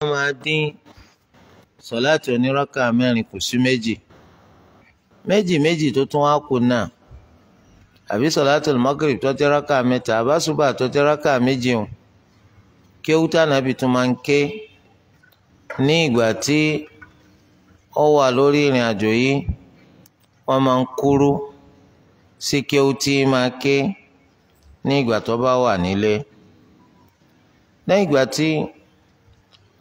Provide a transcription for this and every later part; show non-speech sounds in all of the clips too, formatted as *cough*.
wọ́n máa dín sọ̀láàtì onírọ́kà mẹ́rin kù sí méjì méjì méjì tó tún wá kù náà àbí sọ̀láàtì mọ́gìrìb tó jẹ́ mẹ́ta àbáṣubà tó jẹ́ méjì o kí tó máa ń ké ní wà lórí ìrìn àjò yìí wọ́n máa ń kúrú sí kí máa ké ní bá wà nílé ìgbà tí.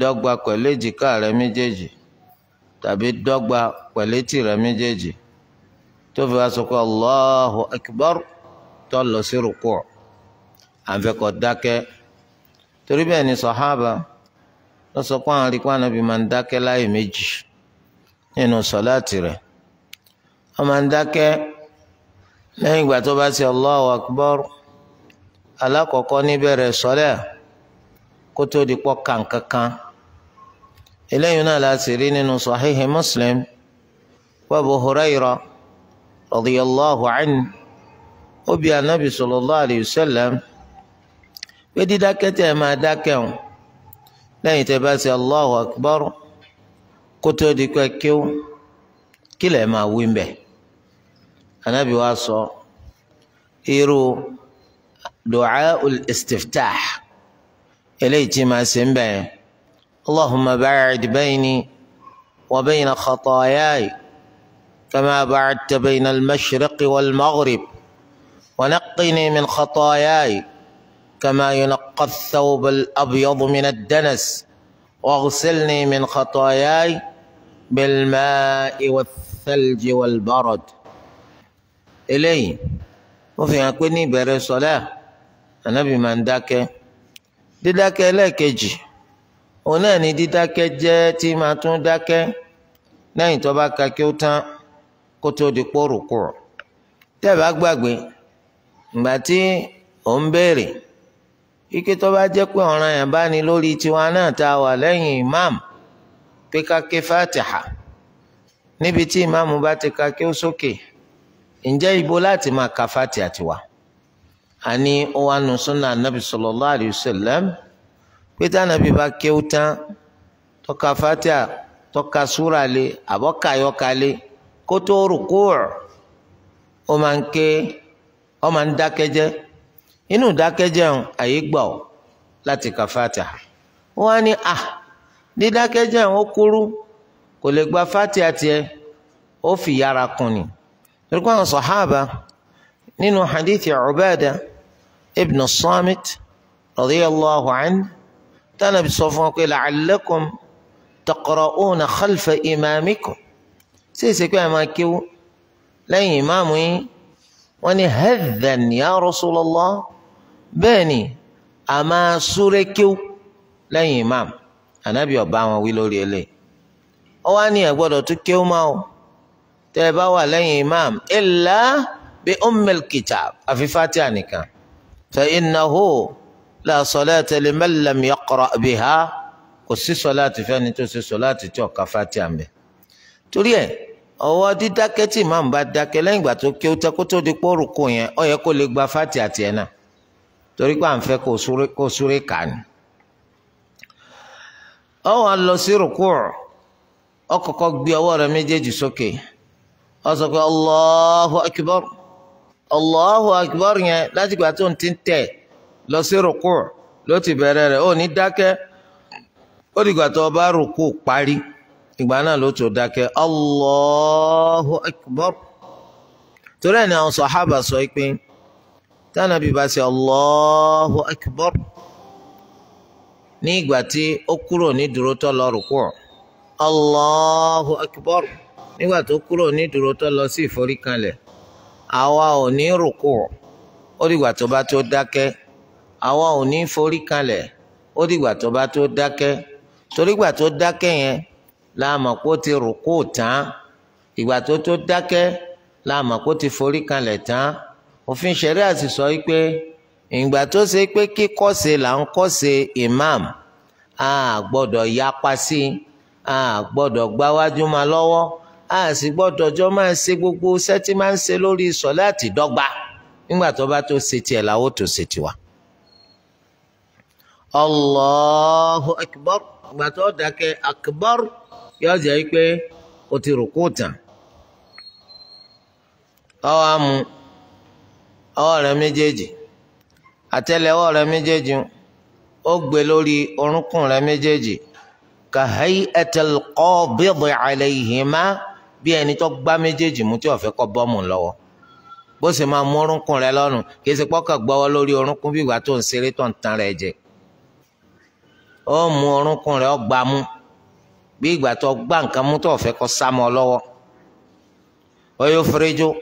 dọ́gba pẹ̀lú èjìká rẹ méjèèjì tàbí dọ́gba pẹ̀lú etí rẹ méjèèjì tó wá Allahu Akbar lọ sí rúkú àfẹkọ̀ dákẹ́ torí bẹ́ẹ̀ ni lọ sọ pé àwọn máa ń dákẹ́ láì méjì nínú kó tó di pọ́ ka nǹkan kan eléyìí náà la sì rí nínú sahihi muslim wàbù hurayra radiyallahu anhu ó bi anabi sallallahu alayhi wa sallam pé dídákẹ́ tẹ́ ẹ máa dákẹ́ o lẹ́yìn tẹ́ bá ṣe allahu akbar kó di pẹ́ kíw kí máa wí mbẹ́ anabi wa sọ irú du'a ul istiftah. إليتي ما سنبه اللهم بعد بيني وبين خطاياي كما بعدت بين المشرق والمغرب ونقني من خطاياي كما ينقى الثوب الأبيض من الدنس واغسلني من خطاياي بالماء والثلج والبرد إلي وفي أكوني بر الصلاة النبي من ذاك dídákẹ́ ẹlẹ́ẹ̀kejì òun náà ni dídákẹ́ jẹ́ tí máa tún dákẹ́ lẹ́yìn tó bá ka kí ó tán kó tó di pòròkùrò tẹ́ẹ̀ bá gbàgbé ìgbà tí òun béèrè ike tó bá jẹ́ pé ọ̀ràn yẹn bá ní lórí tiwa náà tá a wà lẹ́yìn imam pé ká ké fatiha níbi tí imam bá ti ka kí ó sókè ǹjẹ́ ibo láti máa ka fatiha tiwa. ani ó wà nù súnà anabi sallallahu alayhi wa sallam pété anabi tọka kéwú tán ka fatia tó ka súra lé àbọ̀ka yọka lé kótó rúkúù ó máa ń ké ó máa ń dákẹ́jẹ́ inú ka fatia wọ́n á ní à dídákẹ́jẹ́ ń ó kúrú kò le gba fatia e o fi yara kun ni torí pé nínú hadithi Ubadah ibn Samit radiyallahu anhu tánàbí sọ fún wa pé la'allakum taqra'una khalfa imamikum sí ìsèkú ẹ̀ máa kéwú lẹ́yìn ìmáàmù yín wọ́n ní hadhan ya Rasulullah bẹ́ẹ̀ ni a máa súré kéwú lẹ́yìn ìmáàmù ànábì ọba wọn wí lórí eléyìí ó wá ní tún kéwú o tẹ́ ẹ bá wà lẹ́yìn ìmáàmù illa bi ummil kitab àfi fatiha nìkan fa innahu la salata liman lam yaqra biha kò sí sọláàtì fẹ́ni tó ṣe sọláàtì tí ọ̀ka fatiha ń bẹ torí ẹ̀ ọwọ́ dídákẹ́ tí màá bá dákẹ́ lẹ́yìn ìgbà tó kí ó tẹ́ kó tó di pọ́ọ̀rù kò yẹn ó yẹ kó lè gba fatiha tiẹ̀ náà torí pé à ń fẹ́ kó súré kà ní. ó wá lọ sí rùkúù ó kọ́kọ́ gbé ọwọ́ rẹ̀ méjèèjì sókè ó sọ pé Allahu akbar. Allahu Akbar yẹn látìgbà tó ń ti tẹ̀ lọ sí rúkú ló ti bẹ̀rẹ̀ rẹ̀ ó ní ó dìgbà o bá parí ìgbà náà ló tó dákẹ́ Allahu Akbar torí ẹ̀ ní àwọn sàhábà sọ pé bá ṣe Allahu Akbar ní ìgbà tí ó kúrò ní lọ Allahu Akbar nígbà tó kúrò lọ sí àwa ò ní rùkù ó dìgbà tó bá tó dákẹ́ àwa ò ní forí kalẹ̀ ó dìgbà tó bá tó dákẹ́ torígbà tó dákẹ́ yẹn láàmọ̀ kó ti rùkù tán ìgbà tó tó dákẹ́ láàmọ̀ kó ti forí kalẹ̀ tán òfin ṣẹ̀rí àti sọ pé ìgbà tó ṣe pé kíkọ́ṣe là ń kọ́ṣe imam a gbọ́dọ̀ yapa sí i a gbọ́dọ̀ gbáwájú máa lọ́wọ́ a sì gbọ́dọ̀ jọ ṣe gbogbo iṣẹ́ tí máa ń ṣe lórí sọ̀láàtì dọ́gba nígbà tó bá tó ṣe tiẹ̀ làwọn tó ṣe tiwa. Allahu akbar ìgbà tó yóò jẹ́ pé o ti rùkú tán. ọwọ́ amú ọwọ́ rẹ méjèèjì àtẹ́lẹwọ́ rẹ méjèèjì ó gbé lórí orúnkún rẹ méjèèjì bí ẹni tó gbá méjèèjì mú tí ó fẹ́ bọ́ọ̀mù lọ́wọ́ bó ṣe máa mú orúnkún rẹ lọ́rùn kì í gbọ́wọ́ lórí orúnkún bí ìgbà tó ń ṣeré tó ń tan rẹ jẹ ó mú orúnkún rẹ ó gbá mú bí ìgbà tó gbá nǹkan mú sá mọ́ lọ́wọ́ ó yóò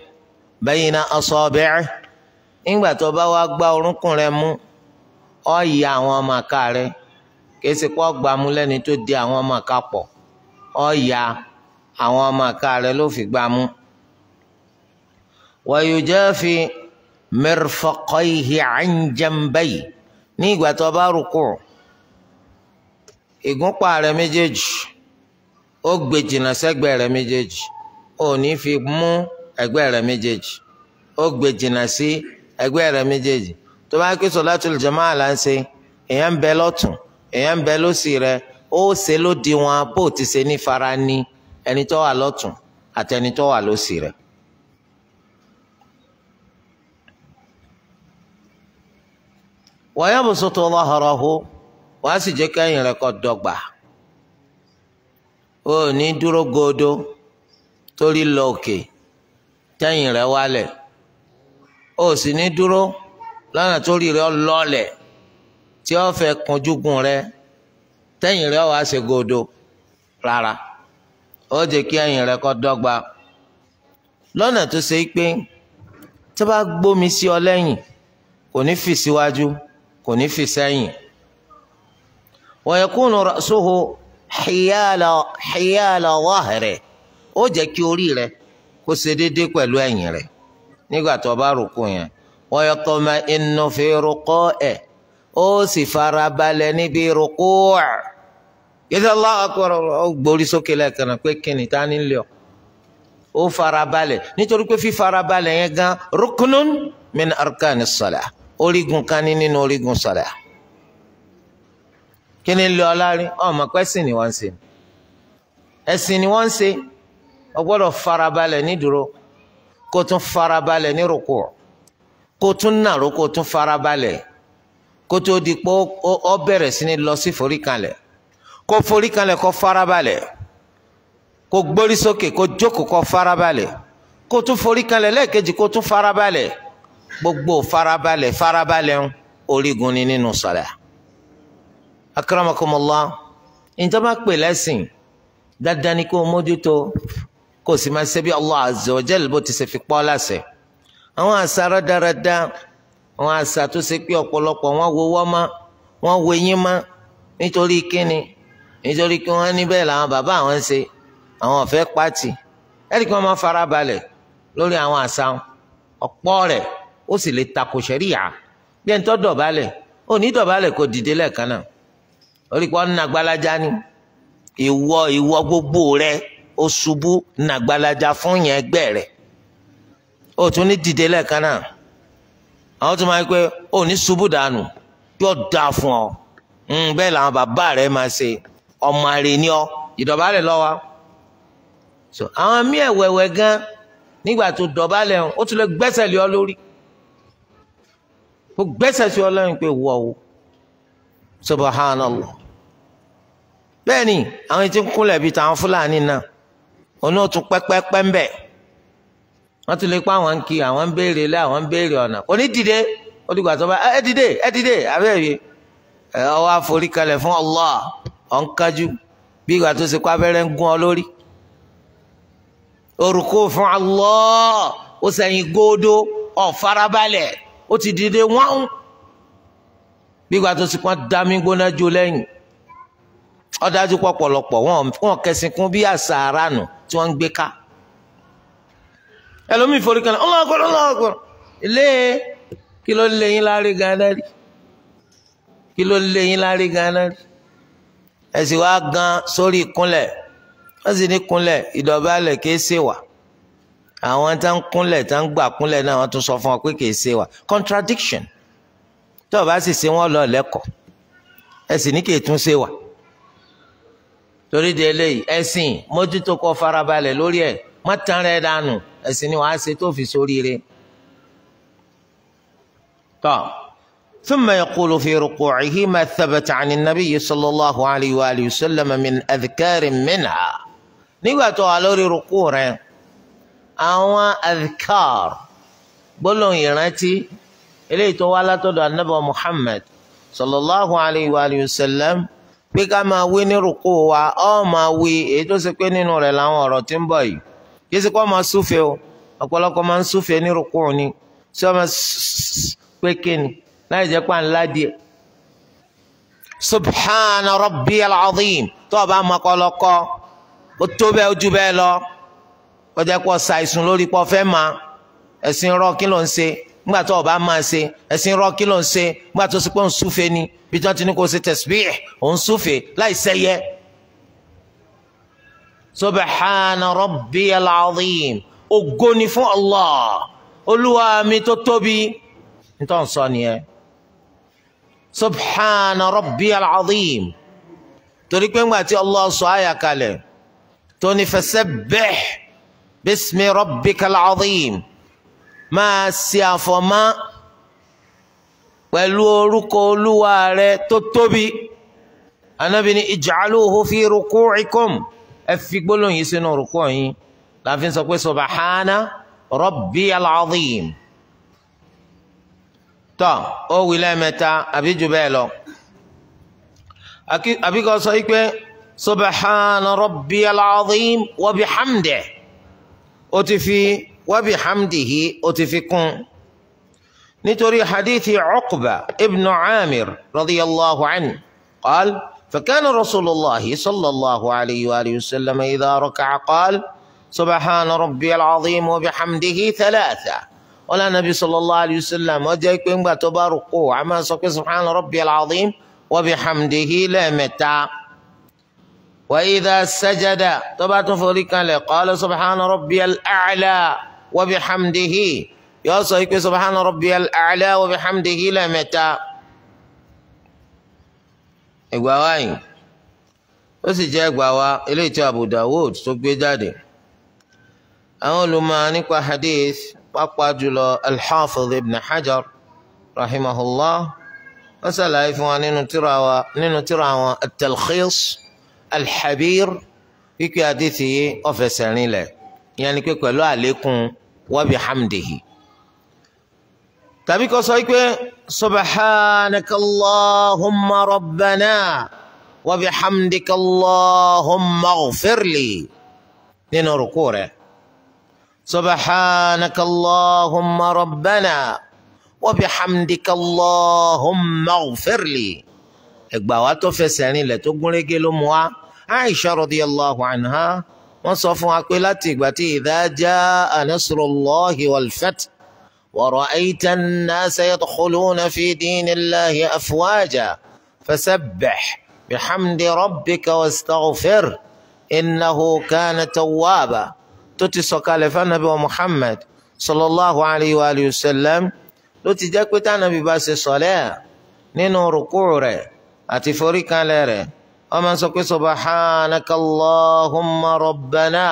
nígbà tó bá wá rẹ mú ọ àwọn ọmọ àká rẹ kì í ṣe pọ́ di àwọn àwọn ọmọ àka rẹ ló fi gbá mú. wa yujafi mirfaqayhi an jambayhi ní ìgbà tó bá rúkú ìgúnpá rẹ méjèèjì ó gbé jìnnà sẹ́gbẹ́ rẹ méjèèjì ó ní fi mú ẹ̀gbẹ́ rẹ méjèèjì ó gbé jìnnà sí ẹ̀gbẹ́ rẹ méjèèjì tó bá kí solatul jamaa là ń ṣe èèyàn ń bẹ lọ́tún èèyàn ń bẹ lọ́sì rẹ ó ṣe ló di wọn bó ti ṣe ní fara ní ẹni tó wà lọ́tún àti ẹni tó wà lósì rẹ̀. wa yabsutu dhahrahu wàá sì jẹ́ kẹ́yìn rẹ̀ kó dọ́gba ó ní dúró godo torí lọ òkè tẹ́yìn rẹ̀ wálẹ̀ ó sì ní dúró lọ́nà torí rẹ̀ lọ́lẹ̀ tí ó fẹ́ kunjúgun rẹ̀ tẹ́yìn rẹ̀ wàá ṣe godo rárá. ó jẹ́ kí ẹ̀yìn rẹ kó dọ́gba lọ́nà tó ṣe pé tó bá gbómi sí ọ lẹ́yìn kò ní fi síwájú kò ní fi sẹ́yìn wa yakunu ra'suhu hiyala hiyala wahri ó jẹ́ kí orí rẹ kó ṣe déédéé pẹ̀lú ẹ̀yìn rẹ nígbà tó bá rùkú yẹn wa yatma'innu fi ruku'i ó sì fara balẹ̀ níbi rùkú ẹ̀. yẹtẹ Allahu akbar ọ gbórí sókè lẹ́ẹ̀kan náà pé kíni ta ni lọ ó farabalẹ̀ nítorí pé fífarabalẹ̀ yẹn gan rukunun min arkani salah orígun kan ní nínú orígun salah kíni lọ láàrin ọmọ pẹ́sìn ni wọ́n ń ṣe ẹ̀sìn ni wọ́n ń ṣe o gbọ́dọ̀ farabalẹ̀ ní dúró kó tún farabalẹ̀ ní rúkú kó tún nàró kó tún farabalẹ̀ kó tó di pé ó bẹ̀rẹ̀ sí ni lọ sí foríkanlẹ̀. kó forí kanlẹ̀ kó farabalẹ̀ kó gbórí sókè kó jókòó kó farabalẹ̀ kó tún forí kanlẹ̀ lẹ́ẹ̀kejì kó tún farabalẹ̀ gbogbo farabalẹ̀ farabalẹ̀ ń orígun ni nínú sọlá akramakumullah ìjọba pè lẹ́sìn dandan ni kó mójútó kó sì máa ṣe bí Allah azza wa jal bó ti ṣe fi pọ́ láṣẹ àwọn àṣà rádaràda àwọn àṣà tó ṣe pé ọ̀pọ̀lọpọ̀ wọn wo wọ́n má wọ́n wo eyín má nítorí kíni nítorí kí wọ́n níbẹ̀ làwọn bàbá àwọn ń ṣe àwọn ọ̀fẹ́ pàtì ẹ̀rí kí wọ́n máa fara balẹ̀ lórí àwọn àṣà ọ̀pọ̀ rẹ̀ ó sì lè takò ṣẹ̀ríyà bí ẹni tó dọ̀bálẹ̀ ó ní dọ̀bálẹ̀ kò dìde lẹ́ẹ̀kan náà orí kí wọ́n na gbalaja ni ìwọ ìwọ gbogbo rẹ ó ṣubú na gbalaja fún yẹn ẹgbẹ́ rẹ̀ ó tún ní dìde lẹ́ẹ̀kan náà àwọn tó máa pẹ́ ó ṣubú dànù yóò dáa fún ọ hmm, bẹ́ẹ̀ làwọn bàbá rẹ máa ṣe ọmọ àrè ni ọ ìdọ̀bálẹ̀ lọ́wọ́ so àwọn mí ẹ̀wẹ̀wẹ̀ gan nígbà tó dọ̀bálẹ̀ ó tún lè gbẹ́sẹ̀ lé ọ lórí ó gbẹ́sẹ̀ sí ọ lẹ́yìn pé wọ́ o subhanallah bẹ́ẹ̀ ni àwọn tí ń kúnlẹ̀ bíi tàwọn fúlàní náà oní òtún pẹ́pẹ́pẹ́ ń bẹ̀ wọ́n tún lè pa àwọn ń kí àwọn ń béèrè lé àwọn ń béèrè ọ̀nà oní dìde ó dìgbà tó ẹ dìde ẹ dìde àbẹ́rẹ́ ọwọ́ àforíkalẹ̀ fún Allah ọ̀ ń kájú bí ìgbà tó ṣe kó abẹ́rẹ́ ń gún ọ lórí orúkọ fún Allah ó sẹ́yìn góódó ọ̀ farabalẹ̀ ó ti dìde wọ́n bí ìgbà tó ṣe kó dami gbóná jó lẹ́yìn ó dájú pọ̀ pọ̀lọpọ̀ wọn kẹsìn kún bí àṣà aránù tí wọ́n ń gbé ká ẹlòmíì forí kan Allahu Akbar Allahu Akbar ilé kí ló lè yín lárí ganan rí kí ló lè yín lárí ganan rí ẹ sì wá gan sórí kúnlẹ̀ wọ́n sì ní kúnlẹ̀ ìdọ̀bálẹ̀ kìí ṣe wà àwọn tá ń kúnlẹ̀ tá ń gbà kúnlẹ̀ náà wọ́n tún sọ fún ọ pé kìí ṣe wà contradiction tó o bá sì ṣe wọ́n lọ lẹ́kọ̀ọ́ ẹ sì ní kìí tún ṣe wà torí de eléyìí ẹ̀sìn mójútó kó farabalẹ̀ lórí ẹ̀ má tán rẹ̀ dànù ẹ̀sìn ni wàá ṣe tó fi sóríire. tọ́ ثم يقول في ركوعه ما ثبت عن النبي صلى الله عليه وآله وسلم من أذكار منها نيواتو علوري ركوع أو أذكار بلون يناتي إليه توالا تدو النبي محمد صلى الله عليه وآله وسلم pé ká máa wí أو rúkú wa ọ máa wí èyí tó ṣe pé nínú rẹ̀ làwọn ọ̀rọ̀ tí ń bọ̀ yìí kí láì jẹ́ pa ńlá díẹ̀ subhana rabbi al-azim tó o bá mọ kọlọkọ o tó bẹ́ẹ̀ o jù bẹ́ẹ̀ lọ o jẹ́ kó o ṣàìsùn lórí pọ̀ fẹ́ ma ẹ̀sìn rọ kí ló ń ṣe nígbà tó o bá máa ṣe ẹ̀sìn rọ kí ló ń ṣe nígbà tó o pé òun súfe ni bí tí wọ́n ti ní kó o ṣe tẹ̀síbíyẹ̀ òun súfe láì sẹ́yẹ. subhana rabbi al-azim ògo ni fún Allah olúwa mi tó tóbi nítorí sọ nìyẹn. سبحان ربي العظيم توري كم قاتي الله سعيا كله توني فسبح باسم ربك العظيم ما سيافا ما ولوركولو على تطبي أنا بني اجعلوه في ركوعكم أفقبلون يسنو ركوعي لا فين سبحان ربي العظيم tọ́ ó wí lẹ́ẹ̀mẹ́ta àbí jù bẹ́ẹ̀ lọ àbí kò sọ pé subahana rabbi alaazim wa bihamde ó ti fi wa bihamdihi ó ti fi kún nítorí hadithi Uqba ibnu Amir radiyallahu anhu qaal fakana rasulillahi sallallahu alayhi wa sallam idha rakaca qaal subahana rabbi alaazim wa bihamdihi thalatha. ولا نبي صلى الله عليه وسلم وجاي كوين باتباركو عما سكي سبحان ربي العظيم وبحمده لا متى وإذا سجد تبات فوليكا قال سبحان ربي الأعلى وبحمده يا صحيح سبحان ربي الأعلى وبحمده لا متى إغواوين وسجى إغواوا إليتي أبو داود سبي جادي أولو ما نكوى حديث papajulo jùlọ al-Hafiz ibn Hajar rahimahullah wọ́n ṣàlàyé fún wa nínú tirawa ninu tirawa wọn at-Talkhis al-Habir habir iki hadithi ọ̀fẹ̀sẹ̀ le yani ni pé pẹ̀lú àlékún wa bihamdihi tàbí kó sọ wípé subhanakallahumma rabbana wa bihamdikallahumma ghfirli nínú rúkú سبحانك اللهم ربنا وبحمدك اللهم اغفر لي اغباوا تو فسرين لي تو غونريكي موا عائشه رضي الله عنها وصفوا اكو لاتي اذا جاء نصر الله والفتح ورايت الناس يدخلون في دين الله افواجا فسبح بحمد ربك واستغفر انه كان توابا tó ti sọ̀kalẹ̀ fanabi wa Muhammad sallallahu alayhi wa alihi wa sallam ló ti jẹ́ pé tànàbí bá ṣe sọ̀lẹ́ nínú rúkú rẹ̀ àti foríkanlẹ̀ rẹ̀ ó máa ń sọ pé subhanaka Allahumma rabbana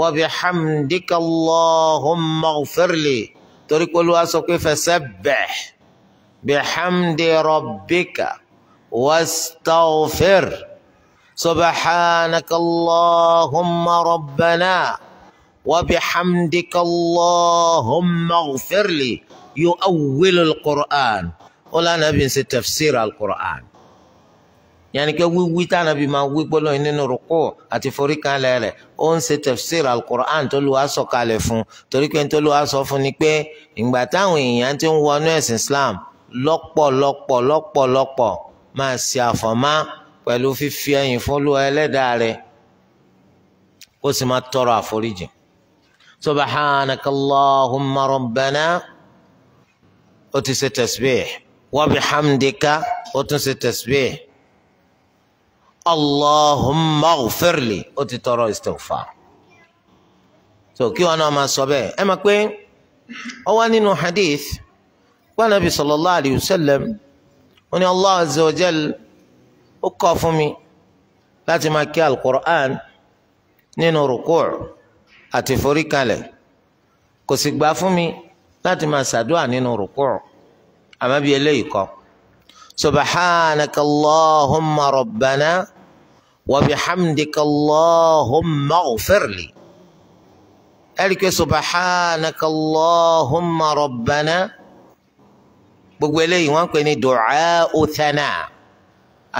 wa bihamdika Allahumma torí pé Olúwa sọ pé fasabbih bihamdi rabbika wastaghfir subhanaka Allahumma rabbana. وبحمدك اللهم اغفر لي يؤول القرآن ولا نبي تفسير القرآن yàni kẹ wíwí tá nàbí máa wí gbọ́dọ̀ nínú rúkú àti foríkanlẹ̀ rẹ̀ ó ń ṣe tafsir alukur'an tó lu aṣọ kalẹ̀ fún torí pé tó lu aṣọ fún ni pé ìgbà táwọn èèyàn ti ń wọnú ẹ̀sìn Islam lọ́pọ̀lọpọ̀ lọ́pọ̀lọpọ̀ máa ṣe àfọ̀mọ́ pẹ̀lú fífi ẹ̀yìn fún lu ẹlẹ́dàá rẹ̀ kó sì máa tọrọ àforíjìn subhanakallahumma rabbana ó ti ṣe tasbih wa bihamdika ó tún ṣe tasbih allahumma ghfirli ó ti tọrọ istighfar so kí wọn náà máa sọ bẹ́ẹ̀ ẹ máa pé ó wà nínú hadith wọn nàbì sallallahu alayhi wa sallam wọn ni allah azza wa jal ó kọ́ fún mi láti máa kí al-Qur'an nínú rukuu àti foríkalẹ̀ kò sì gbà fún mi láti máa ṣàdúrà nínú rúkúù àmọ́ bí eléyìí kọ́ subhanaka allahumma rabbana wa bihamdika allahumma ghfirli ẹ̀ríkẹ́ subhanaka allahumma rabbana gbogbo eléyìí wọ́n ń pè ní du'a uthana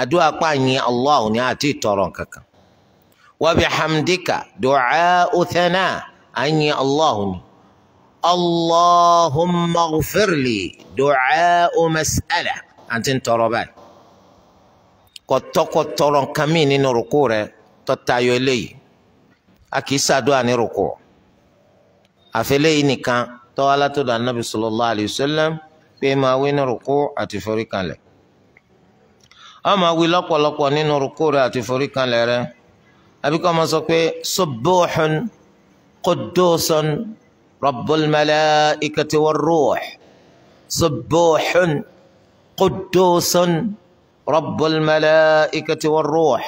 àdúrà pààyàn allah ní àti ìtọ̀rọ̀ kankan wa bihamdika du'a'u thana àyìn Allahu ni Allahumma ghfirli du'a'u mas'ala àti ń tọrọ báyìí kọtọkọtọrọ nǹkan mi nínú rúkú rẹ tọ́tayọ eléyìí a kì í ṣàdúrà ní rúkú àfẹlẹ́yìí nìkan tọ́wọ́ látọ̀dọ̀ anábì sallallahu alayhi wa sallam pé máa wí ní rúkú àti foríkanlẹ̀ a máa wí lọ́pọ̀lọpọ̀ nínú rúkú rẹ àti foríkanlẹ̀ أبيكم أنصحك سبوح قدوس رب الملائكة والروح سبوح قدوس رب الملائكة والروح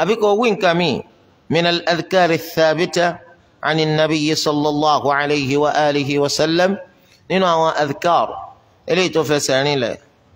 أبيكم وين كمي من الأذكار الثابتة عن النبي صلى الله عليه وآله وسلم هو أذكار إليه تفسعني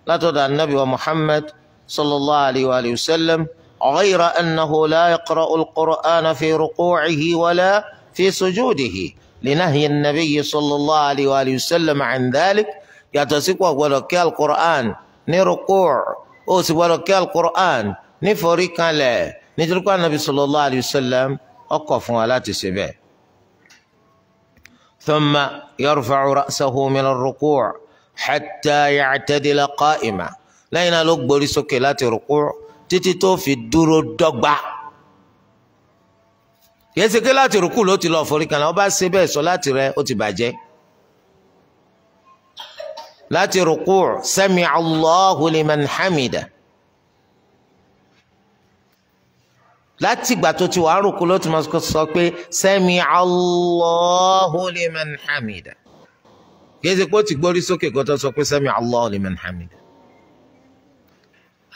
لا تدع النبي ومحمد صلى الله عليه وآله وسلم غير أنه لا يقرأ القرآن في ركوعه ولا في سجوده لنهي النبي صلى الله عليه وآله وسلم عن ذلك يتسقى ولك القرآن نركوع أو ولك القرآن نفرك له نترك النبي صلى الله عليه وسلم أقف ولا تسبع ثم يرفع رأسه من الركوع حتى يعتدل قائما لين بريسك لا تركوع títí tó fi dúró dọ́gba kìí ṣe pé láti rúkú ló ti lọ forí kan náà ó bá ṣe bẹ́ẹ̀ sọ láti rẹ ó ti bàjẹ́ láti rúkú sami allahu liman hamida láti ìgbà tó ti wà rúkú ló ti máa sọ pé sami allahu liman hamida kìí ṣe pé ti gbórí sókè kó tó sọ pé sami allahu liman hamida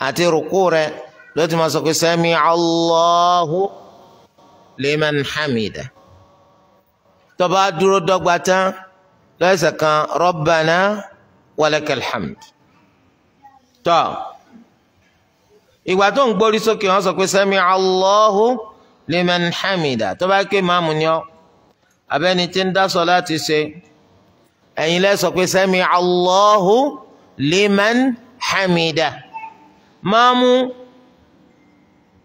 àti rúkú rẹ ló ti máa sọ pé sami Allahu liman hamida tó bá dúró dọ́gba tán lọ́sẹ̀ kan rabbana walakal hamd tó ìgbà tó ń gbórí sókè wọn sọ pé sami Allahu liman hamida tó ké màmú ni ọ abẹ́ni tí ń dá sọ̀láàtì ṣe ẹ̀yin lẹ pé sami Allahu liman hamida màmú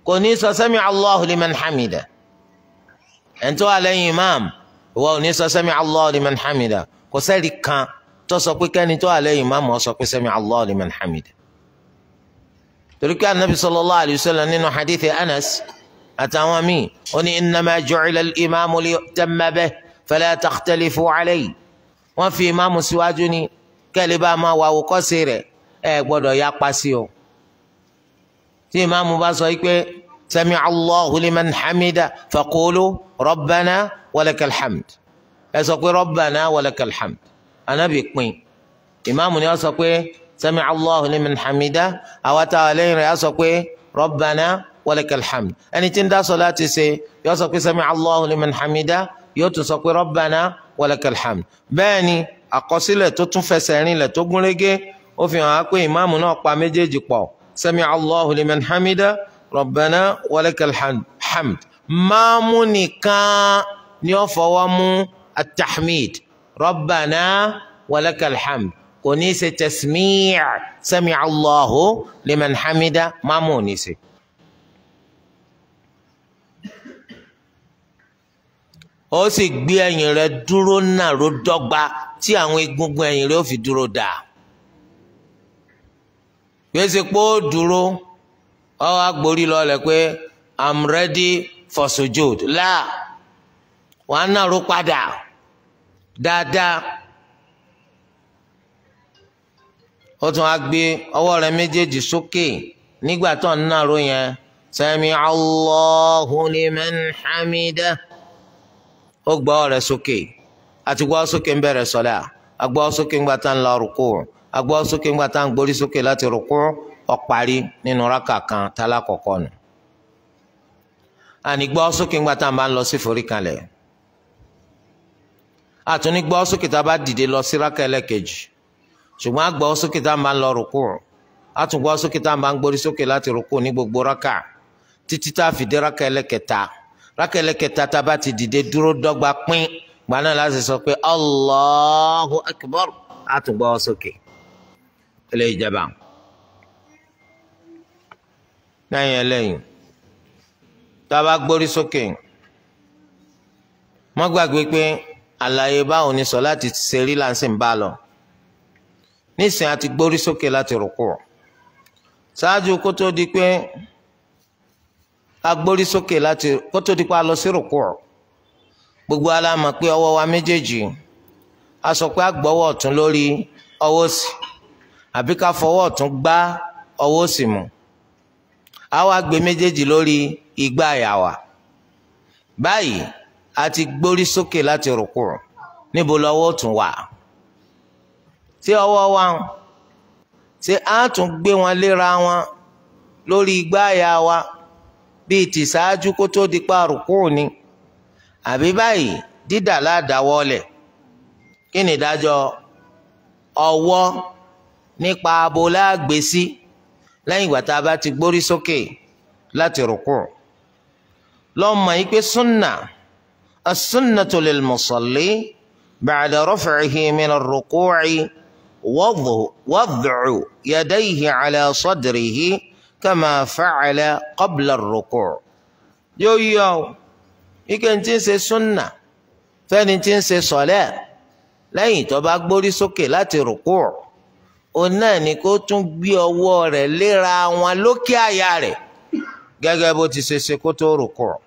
kò ní sọ sami allahu liman hamida ẹni tó wà lẹ́yìn imam ìwọ ò ní sọ sami allahu liman hamida kò sẹ́ẹ̀rì kan tó sọ pé kẹ́ni tó wà lẹ́yìn imam ó sọ pé sami allahu liman hamida torí pé anabi sallallahu alayhi wa nínú hadithi anas àtàwọn míì ó ní innama ju'ila al-imam liyu'tamma bihi fala takhtalifu alayhi wọ́n fi imam síwájú ni kẹ́lẹ́ bá máa wà wò kọ́sí rẹ̀ ẹ gbọ́dọ̀ yá pa sí o tí ìmáàmù bá sọ pé sami allahu liman hamida fakulu rabbana walakal hamd ẹ sọ pé rabbana walakal hamd anabi pin ìmáàmù ni wọ́n sọ pé sami allahu liman hamida àwa táwa lẹ́yìn rẹ̀ á sọ pé rabbana walakal hamd ẹni tí ń dá sọ láti ṣe yóò sọ pé sami allahu liman hamida yóò tún sọ pé rabbana walakal hamd bẹ́ẹ̀ ni àkọsílẹ̀ tó tún fẹsẹ̀ rinlẹ̀ tó gúnrégé ó fi hàn á pé ìmáàmù náà pa méjèèjì pọ̀ sami'a Allahu liman hamida rabbana walakal hamd máàmù nìkan ni ó fọwọ́ mú atahmid rabbana walakal hamd kò ní í ṣe tasmiya sami'a Allahu liman hamida máàmù ò ní í ṣe. ó sì gbé ẹ̀yìn rẹ̀ dúró náà ló dọ́gba tí àwọn egungun ẹ̀yìn rẹ̀ ó fi dúró dáa. yóò duro pé ó dúró ọ agbórí lọlẹ pé i'm ready for sojod La wàá nàró padà dada ó tún á gbé ọwọ́ rẹ méjèèjì sókè nígbà tó ń nàró yẹn sami Allahu liman hamidah ó gbọ́ ọ̀rẹ́ sókè àti gbọ́ sókè ń bẹ̀rẹ̀ sọ́lá àgbọ́ sókè ń gbà agbọ́ sókè ńgbà tá à ń gbórí sókè láti rúkú ọ̀parí nínú rákà kan tálá kọ̀ọ̀kọ́ nù àní gbọ́ sókè ńgbà tá à ń bá ń lọ sí foríkalẹ̀ àtúní gbọ́ sókè tá a bá dìde lọ sí rákà ẹlẹ́kejì ṣùgbọ́n àgbọ́ sókè tá à ń bá ń lọ rúkú àtúngbọ́ sókè tá à ń ń gbórí sókè láti rúkú ní gbogbo rákà títí tá a fi dé rákà ẹlẹ́kẹta rákà ẹlẹ́kẹta tá a bá ti dìde dúró dọ́gba pín gbaná láti sọ pé Allahu Akbar àtúngbọ́ sókè. Okay ilé ìjẹba lẹ́yìn ẹlẹ́yìn tá a bá gbórí sókè mọ́ gbàgbé pé àlàyé báwo ni sọ láti ṣe rí láǹsì ń bá lọ nísìnyí a ti gbórí sókè láti rúkú ṣáájú kó tó di pé a gbórí sókè láti kó tó di pé a lọ sí rúkú gbogbo alámọ̀ pé ọwọ́ wa méjèèjì a sọ pé a gbọ́wọ́ ọ̀tún lórí ọwọ́ sí àbí ká fọwọ́ ọ̀tún gbá ọwọ́ òsì mú a wá gbé méjèèjì lórí igbá àyà wa báyìí a ti gbórí sókè láti rùkù níbo lọ́wọ́ ọ̀tún wà tí ọwọ́ wa ń ṣe á tún gbé wọn léra wọn lórí igbá àyà bíi ti ṣáájú kó tó di pa rùkù ni àbí báyìí dídà ládàá wọlẹ̀ kí ni ìdájọ́ ọwọ́ nípa abo láàgbèsí lẹ́yìn ìgbà tá a bá ti gbórí sókè láti rúkú lọ́mọ yìí pé súnà as-sunnatu lil musalli ba'da raf'ihi min ar-ruku'i wad'u yadayhi ala sadrihi kama fa'ala qabla ar-ruku'. yóò yọ ike tí ń ṣe súnà fẹ́ni tí ń ṣe sọ̀lẹ́ lẹ́yìn tó bá gbórí sókè láti rúkú òun náà ni kó tún gbé ọwọ́ rẹ̀ léra wọn lókè àyà rẹ̀ gẹ́gẹ́ bó ti ṣe ṣe kó tó rò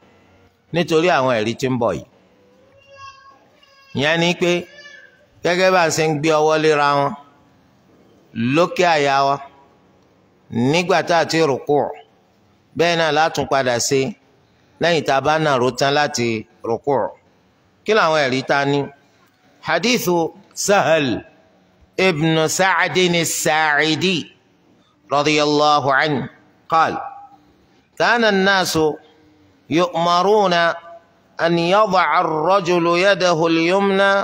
nítorí àwọn ẹ̀rí tí ń bọ̀ yìí. ìyẹn ni pé gẹ́gẹ́ bá a ṣe ń gbé ọwọ́ léra wọn lókè àyà wa nígbà tá a ti rò kúrọ̀ bẹ́ẹ̀ náà látún padà ṣe lẹ́yìn tá a bá nàró tán láti rò kí làwọn ẹ̀rí ta ni hadithu sahel. ابن سعد الساعدي رضي الله عنه قال كان الناس يؤمرون أن يضع الرجل يده اليمنى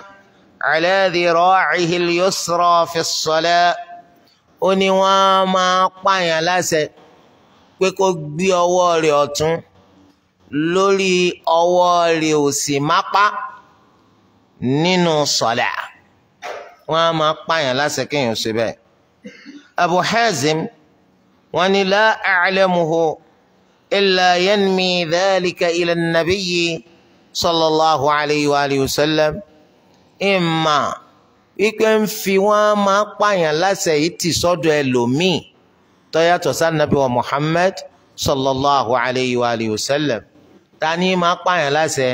على ذراعه اليسرى في الصلاة ó ما wọ́n máa pààyàn láṣẹ أتون لولي gbé سمقا نينو صلاة wọn á máa pààyàn láṣẹ kéèyàn ṣe bẹ́ẹ̀ abu hazim wọn ni la a'lamuhu illa yanmi dhalika ila nabiyyi sallallahu alayhi wa alihi wa sallam ìmà wípé ń fi wọn máa pààyàn láṣẹ yìí ti sọ́dọ̀ ẹlòmíì tó yàtọ̀ sanabi wa muhammad sallallahu alayhi wa alihi wa sallam ta máa pààyàn láṣẹ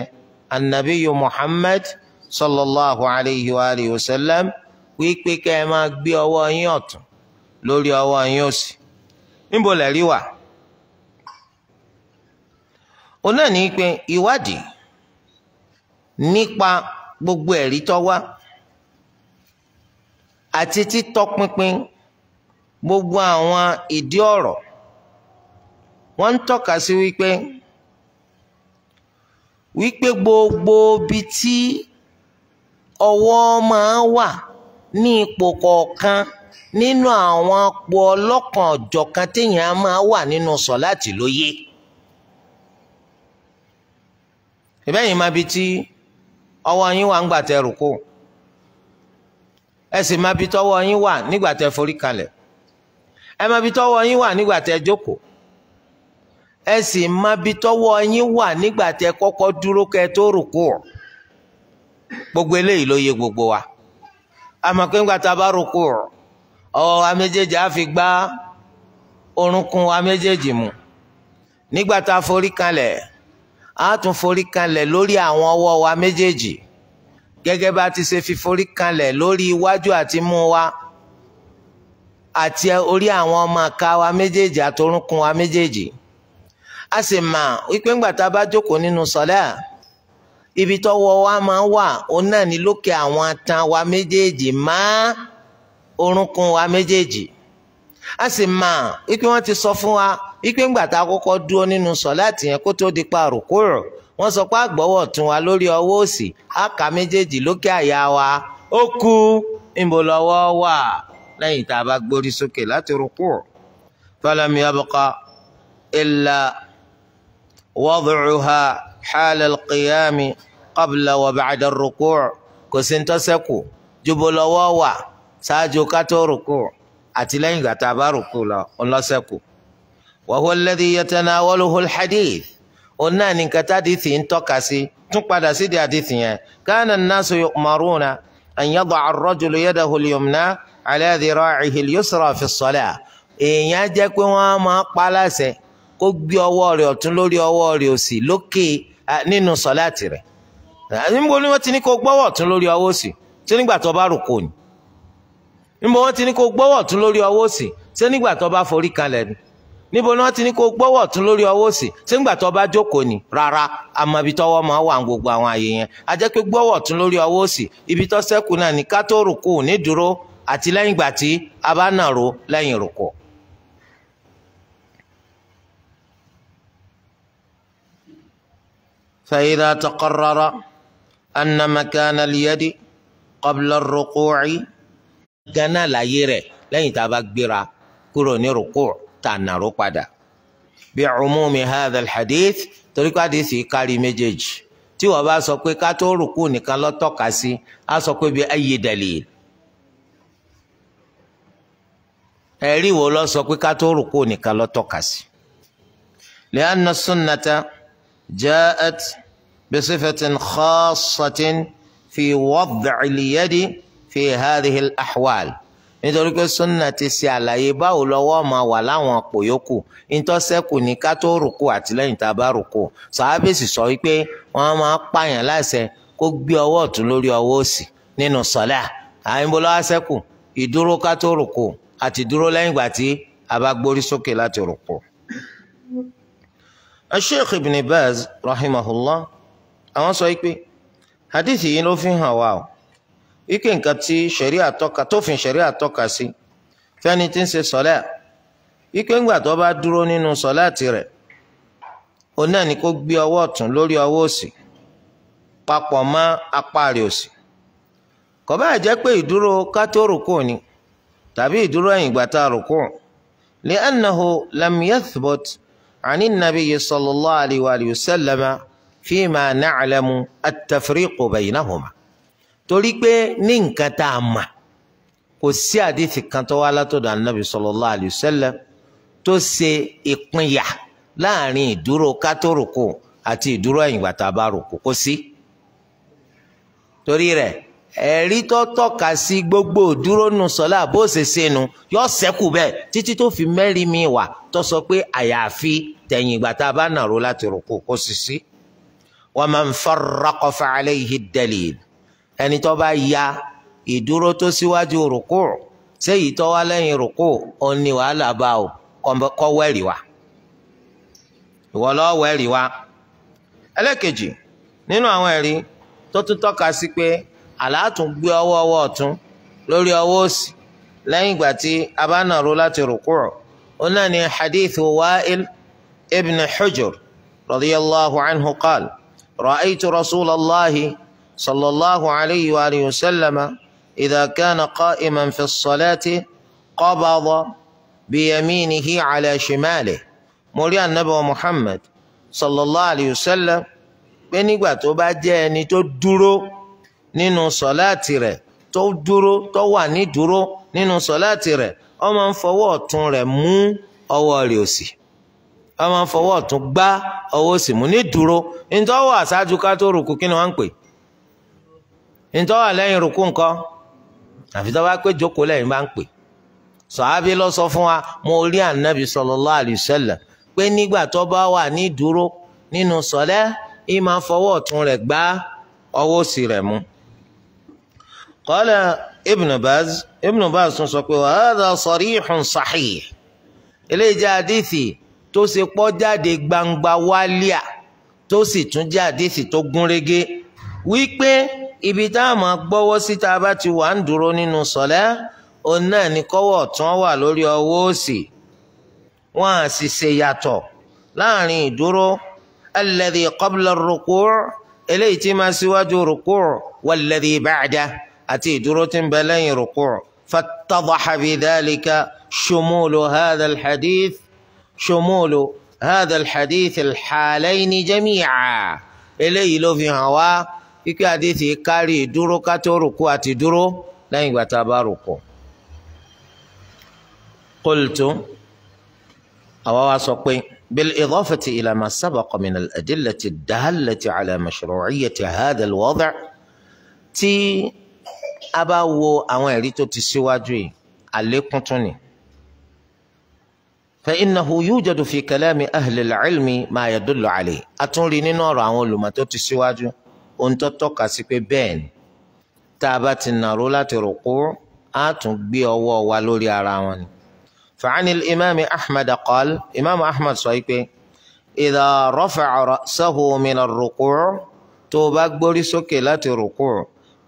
anabiyu muhammad sallallahu alayhi wa alihi wa sallam wípé kẹ́ ẹ máa gbé ọwọ́ yín ọ̀tún lórí ọwọ́ yín òsì níbo lẹ̀ rí wà. òun náà ní pé ìwádìí nípa gbogbo ẹ̀rí tó wá àti títọpinpin gbogbo àwọn ìdí ọ̀rọ̀ wọ́n ń tọ́ka sí wípé wípé gbogbo bíi tí ọwọ́ máa wà ní ipò kọ̀ọ̀kan nínú àwọn apò ọlọ́kan ọ̀jọ̀kan téèyàn máa wà nínú sọ̀láàtì lóye. ìbẹ́yìn máa bi tí ọwọ́ yín wà ńgbà tẹ rùkú ẹ sì máa bi tọwọ́ yín wà nígbà tẹ forí kalẹ̀ ẹ máa bi tọwọ́ yín wà nígbà tẹ jókòó ẹ sì máa bi tọwọ́ yín wà nígbà tẹ kọ́kọ́ dúró kẹ tó rùkú gbogbo eléyìí ló yé gbogbo wa àmọ́ pé ńgbà tá a bá rúkú ọwọ́ wa méjèèjì á fi gbá orúnkún wa méjèèjì nígbà tá a forí kanlẹ̀ á tún forí kanlẹ̀ lórí àwọn ọwọ́ wa méjèèjì gẹ́gẹ́ bá ti ṣe fi forí kanlẹ̀ lórí iwájú àti mú wa àti orí àwọn ọmọ àka wa méjèèjì àtorúnkún wa méjèèjì a sì mà wípé ńgbà tá a bá jókòó nínú sọlẹ́à ibi tọ́wọ́ wa máa wà òun náà ní lókè àwọn atan wa méjèèjì má orúnkún wa méjèèjì a sì máa wípé wọ́n ti sọ fún wa wípé ńgbà tá a kọ́kọ́ dúró nínú sọ̀láàtì yẹn kó tó di pa rùkúrù wọ́n sọ pé àgbọ̀wọ̀ tún wa lórí ọwọ́ òsì á kà méjèèjì lókè àyà wa ó kú níbo lọ́wọ́ wà lẹ́yìn tá a bá gbórí sókè láti rùkúrù falam yabqa illa wad'uha hal al qabla wa ba'da ruku' kò sí ntọ́sẹ́kù jùbọ lọ́wọ́ wà ṣáájú kátó ruku' àti lẹ́yìn gbàtà bá ruku' lọ ńlọ́sẹ́kù. wa huwa alladhi yatanawaluhu al-hadith òun náà ní nǹkan tádìsì ń tọ́ka sí tún padà sí di àdìsì yẹn kana an-nasu yu'maruna an yada'a ar-rajulu yadahu al fi as èèyàn jẹ́ pé wọ́n máa pa kó gbé ọwọ́ rẹ̀ ọ̀tún lórí ọwọ́ rẹ̀ òsì lókè nínú sọ́láàtì rẹ̀ Eh, níbo ni wọ́n ti ní kó gbọ́wọ́ ọ̀tún lórí ọwọ́ òsì ṣé nígbà tó bá rùkù ni níbo wọ́n ti ní kó gbọ́wọ́ ọ̀tún lórí ọwọ́ òsì ṣé nígbà tó bá forí kalẹ̀ ni níbo ni wọ́n ti ní kó gbọ́wọ́ ọ̀tún lórí ọwọ́ òsì ṣé nígbà tó bá jókòó ni rárá àmọ́ ibi máa wà gbogbo àwọn àyè yẹn a jẹ́ pé gbọ́wọ́ ọ̀tún lórí ọwọ́ òsì ibi tó ṣẹ́kù náà ní ká tó rùkù ní dúró àti lẹ́yìn ìgbà tí a bá nàró lẹ́yìn rùkù. فإذا تقرر anna makana al-yadi qabla ar-ruku'i gánà láyé rẹ̀ lẹ́yìn tá a bá gbéra kúrò ní ruku' tá a nàró padà bí umumi hadha al-hadith torí ká dé sí kárí méjèèjì tí wọ́n bá sọ pé ká tó ruku' nìkan ló tọ́ka sí á sọ pé bí ayyi dalil ẹ̀rí wo ló sọ pé ká ruku' nìkan ló tọ́ka sí li'anna as-sunnata ja'at. بصفة خاصة في وضع اليد في هذه الأحوال nítorí pé sunna ti ṣe àlàyé báwo lọ́wọ́ máa wà láwọn àpò yòókù ìtọ́sẹ́kù ní ká tó rùkù àti lẹ́yìn tá a bá rùkù sàábèsì sọ wípé wọ́n máa pààyàn láṣẹ kó gbé ọwọ́ ọ̀tún lórí ọwọ́ òsì nínú sọ́lá àyìnbólọ́ ìdúró ká tó rùkù àti ìdúró lẹ́yìn ìgbà tí a bá gbórí sókè láti rùkù. Sheikh Ibn Baz rahimahullah àwọn sọ pé hadith yìí ló fi hàn wá o wípé nǹkan tí ṣẹ̀ríà tọ́ka tófin ṣẹ̀ríà tọ́ka sí fẹ́ni tí ń ṣe sọ́lá wípé ńgbà tó bá dúró nínú sọ́lá tirẹ̀ òun náà ni kó gbé ọwọ́ ọ̀tún lórí ọwọ́ òsì papọ̀ mọ́ apá òsì kò bá jẹ́ pé ìdúró ká rùkú ni tàbí ìdúró ẹ̀yìn ìgbà tá a rùkú li'annahu lam yathbut 'ani an-nabiyyi sallallahu alayhi wa sallam. fíìmà nàcàlẹ́mu àtàfíríkù bẹ̀yìnàhùnmá torí pé ní nǹkan tá a mà kò sí àdìsí kan tó wá látọ̀dọ̀ ànábì sallallahu alayhi wa sallam tó ṣe ìpínyà láàrin ìdúró kátórùkù àti ìdúró ẹ̀yìngbà tá a bá rùkù kò sí. torí rẹ̀ ẹ̀rí tó tọ́ka sí gbogbo dúró nù sọ́lá bó ṣe sínú yọ sẹ́kù bẹ́ẹ̀ títí tó fi mẹ́rin mi wà tó sọ pé àyàfi tẹ̀yìngbà tá a bá nàró láti rùkù kò sì sí. Si. wa man farraqa fa alayhi dalil ẹni tó bá ya ìdúró tó síwájú rùkú séyìí tó wá lẹ́yìn rùkú ó ní wàhálà bá o kọ́ wẹ́rì wa ìwọ lọ́ wẹ́rì wa ẹlẹ́kejì nínú àwọn ẹ̀rí tó tún tọ́ka sí pé àlàátún ọwọ́ ọwọ́ ọ̀tún lórí ọwọ́ òsì lẹ́yìn ìgbà tí a bá nàró láti rùkú ó náà ní hadith wa'il ibn hujur radiyallahu anhu qala. رأيت رسول الله صلى الله عليه وآله وسلم إذا كان قائما في الصلاة قبض بيمينه على شماله مولى النبي محمد صلى الله عليه وسلم pé nígbà tó bá jẹ́ ẹni tó dúró nínú sọ́láàtì rẹ̀ tó dúró tó wà ní dúró nínú a máa ń fọwọ́ ọ̀tún gbá ọwọ́ sì mú ní dúró ntọ́wọ́ àṣáájú ká tó rùkú kí ni wọ́n ń pè ntọ́wọ́ àlẹ́yìn rùkú nǹkan àfi tó bá pé jókòó lẹ́yìn bá ń pè sọ̀hábí lọ sọ fún wa mo rí ànábì sallallahu alaihi wasallam pé nígbà tó bá wà ní dúró nínú sọ̀lẹ́ yìí máa fọwọ́ ọ̀tún rẹ̀ gbá ọwọ́ òsì rẹ̀ mú. qala ibn Baz tún sọ pé wa hadha sarihun sahih eléyìí jẹ́ àdìsí tó ṣe pọ́ jáde gbangba wálíà tó sì tún jẹ́ àdéhìí tó gúnrégé wípé ibi tá a máa gbọ́wọ́ sí tá a bá ti wà ń dúró nínú sọ̀lẹ́ òun náà ní kọ́wọ́ ọ̀tún wà lórí ọwọ́ òsì wọ́n á sì ṣe yàtọ̀ láàrin ìdúró alladhi qabla ar-ruku' eléyìí tí máa ṣíwájú ruku' walladhi ba'da àti ìdúró tí ń bẹ lẹ́yìn ruku' fattadaha bidhalika shumulu hadha hadith شمول هذا الحديث الحالين جميعا eléyìí ló fi hàn wá kíkẹ́ àdìsí kárí ìdúró ká tó rùkú àti dúró lẹ́yìn ìgbà tá a bá rùkú. qultu àwa wa sọ pé بالإضافة إلى ما سبق من الأدلة الدالة على مشروعية هذا الوضع tí a bá wo àwọn ẹ̀rí tó ti síwájú yìí àlékún tún ni. فإنه يوجد في كلام أهل العلم ما يدل عليه أتونري نينو ọ̀rọ̀ àwọn olùmọ̀ tó ti síwájú ohun tó tọ́ka sí pé bẹ́ẹ̀ ni tá a bá ti nàró láti rùkú á tún gbé ọwọ́ wa lórí ara wọn ni. فعن الإمام أحمد قال إمام أحمد sọ pé إذا رفع رأسه من الركوع tó bá gbórí sókè láti rùkú